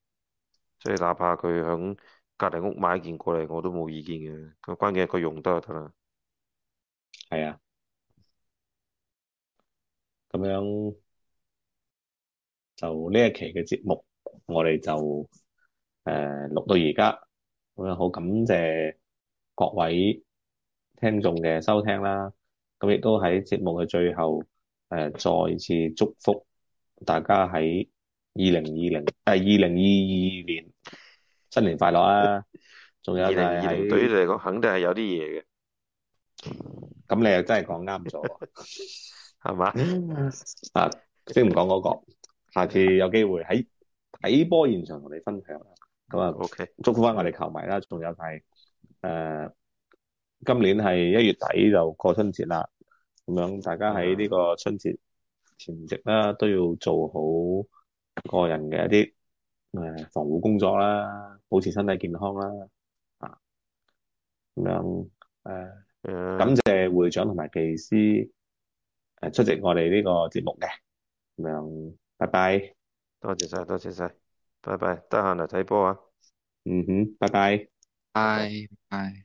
即係哪怕佢響隔籬屋買一件過嚟，我都冇意見嘅。咁關鍵係佢用得就得啦。係啊，咁樣。就呢一期嘅節目，我哋就誒錄、呃、到而家咁樣好，就感謝各位聽眾嘅收聽啦。咁亦都喺節目嘅最後誒、呃，再次祝福大家喺二零二零誒二零二二年新年快樂啊！仲有二零二零，對於你嚟講，肯定係有啲嘢嘅。咁、嗯、你又真係講啱咗，係嘛 吧？啊，即唔講嗰個。下次有機會喺睇波現場同你分享，咁啊，祝福翻我哋球迷啦！仲有就係、呃、今年係一月底就過春節啦，咁樣大家喺呢個春節前夕啦，都要做好個人嘅一啲、呃、防護工作啦，保持身體健康啦，啊，咁樣誒，感謝會長同埋技師誒出席我哋呢個節目嘅，咁樣拜拜，多謝晒，多謝晒，拜拜，得閒嚟睇波啊，嗯哼，拜拜，拜拜。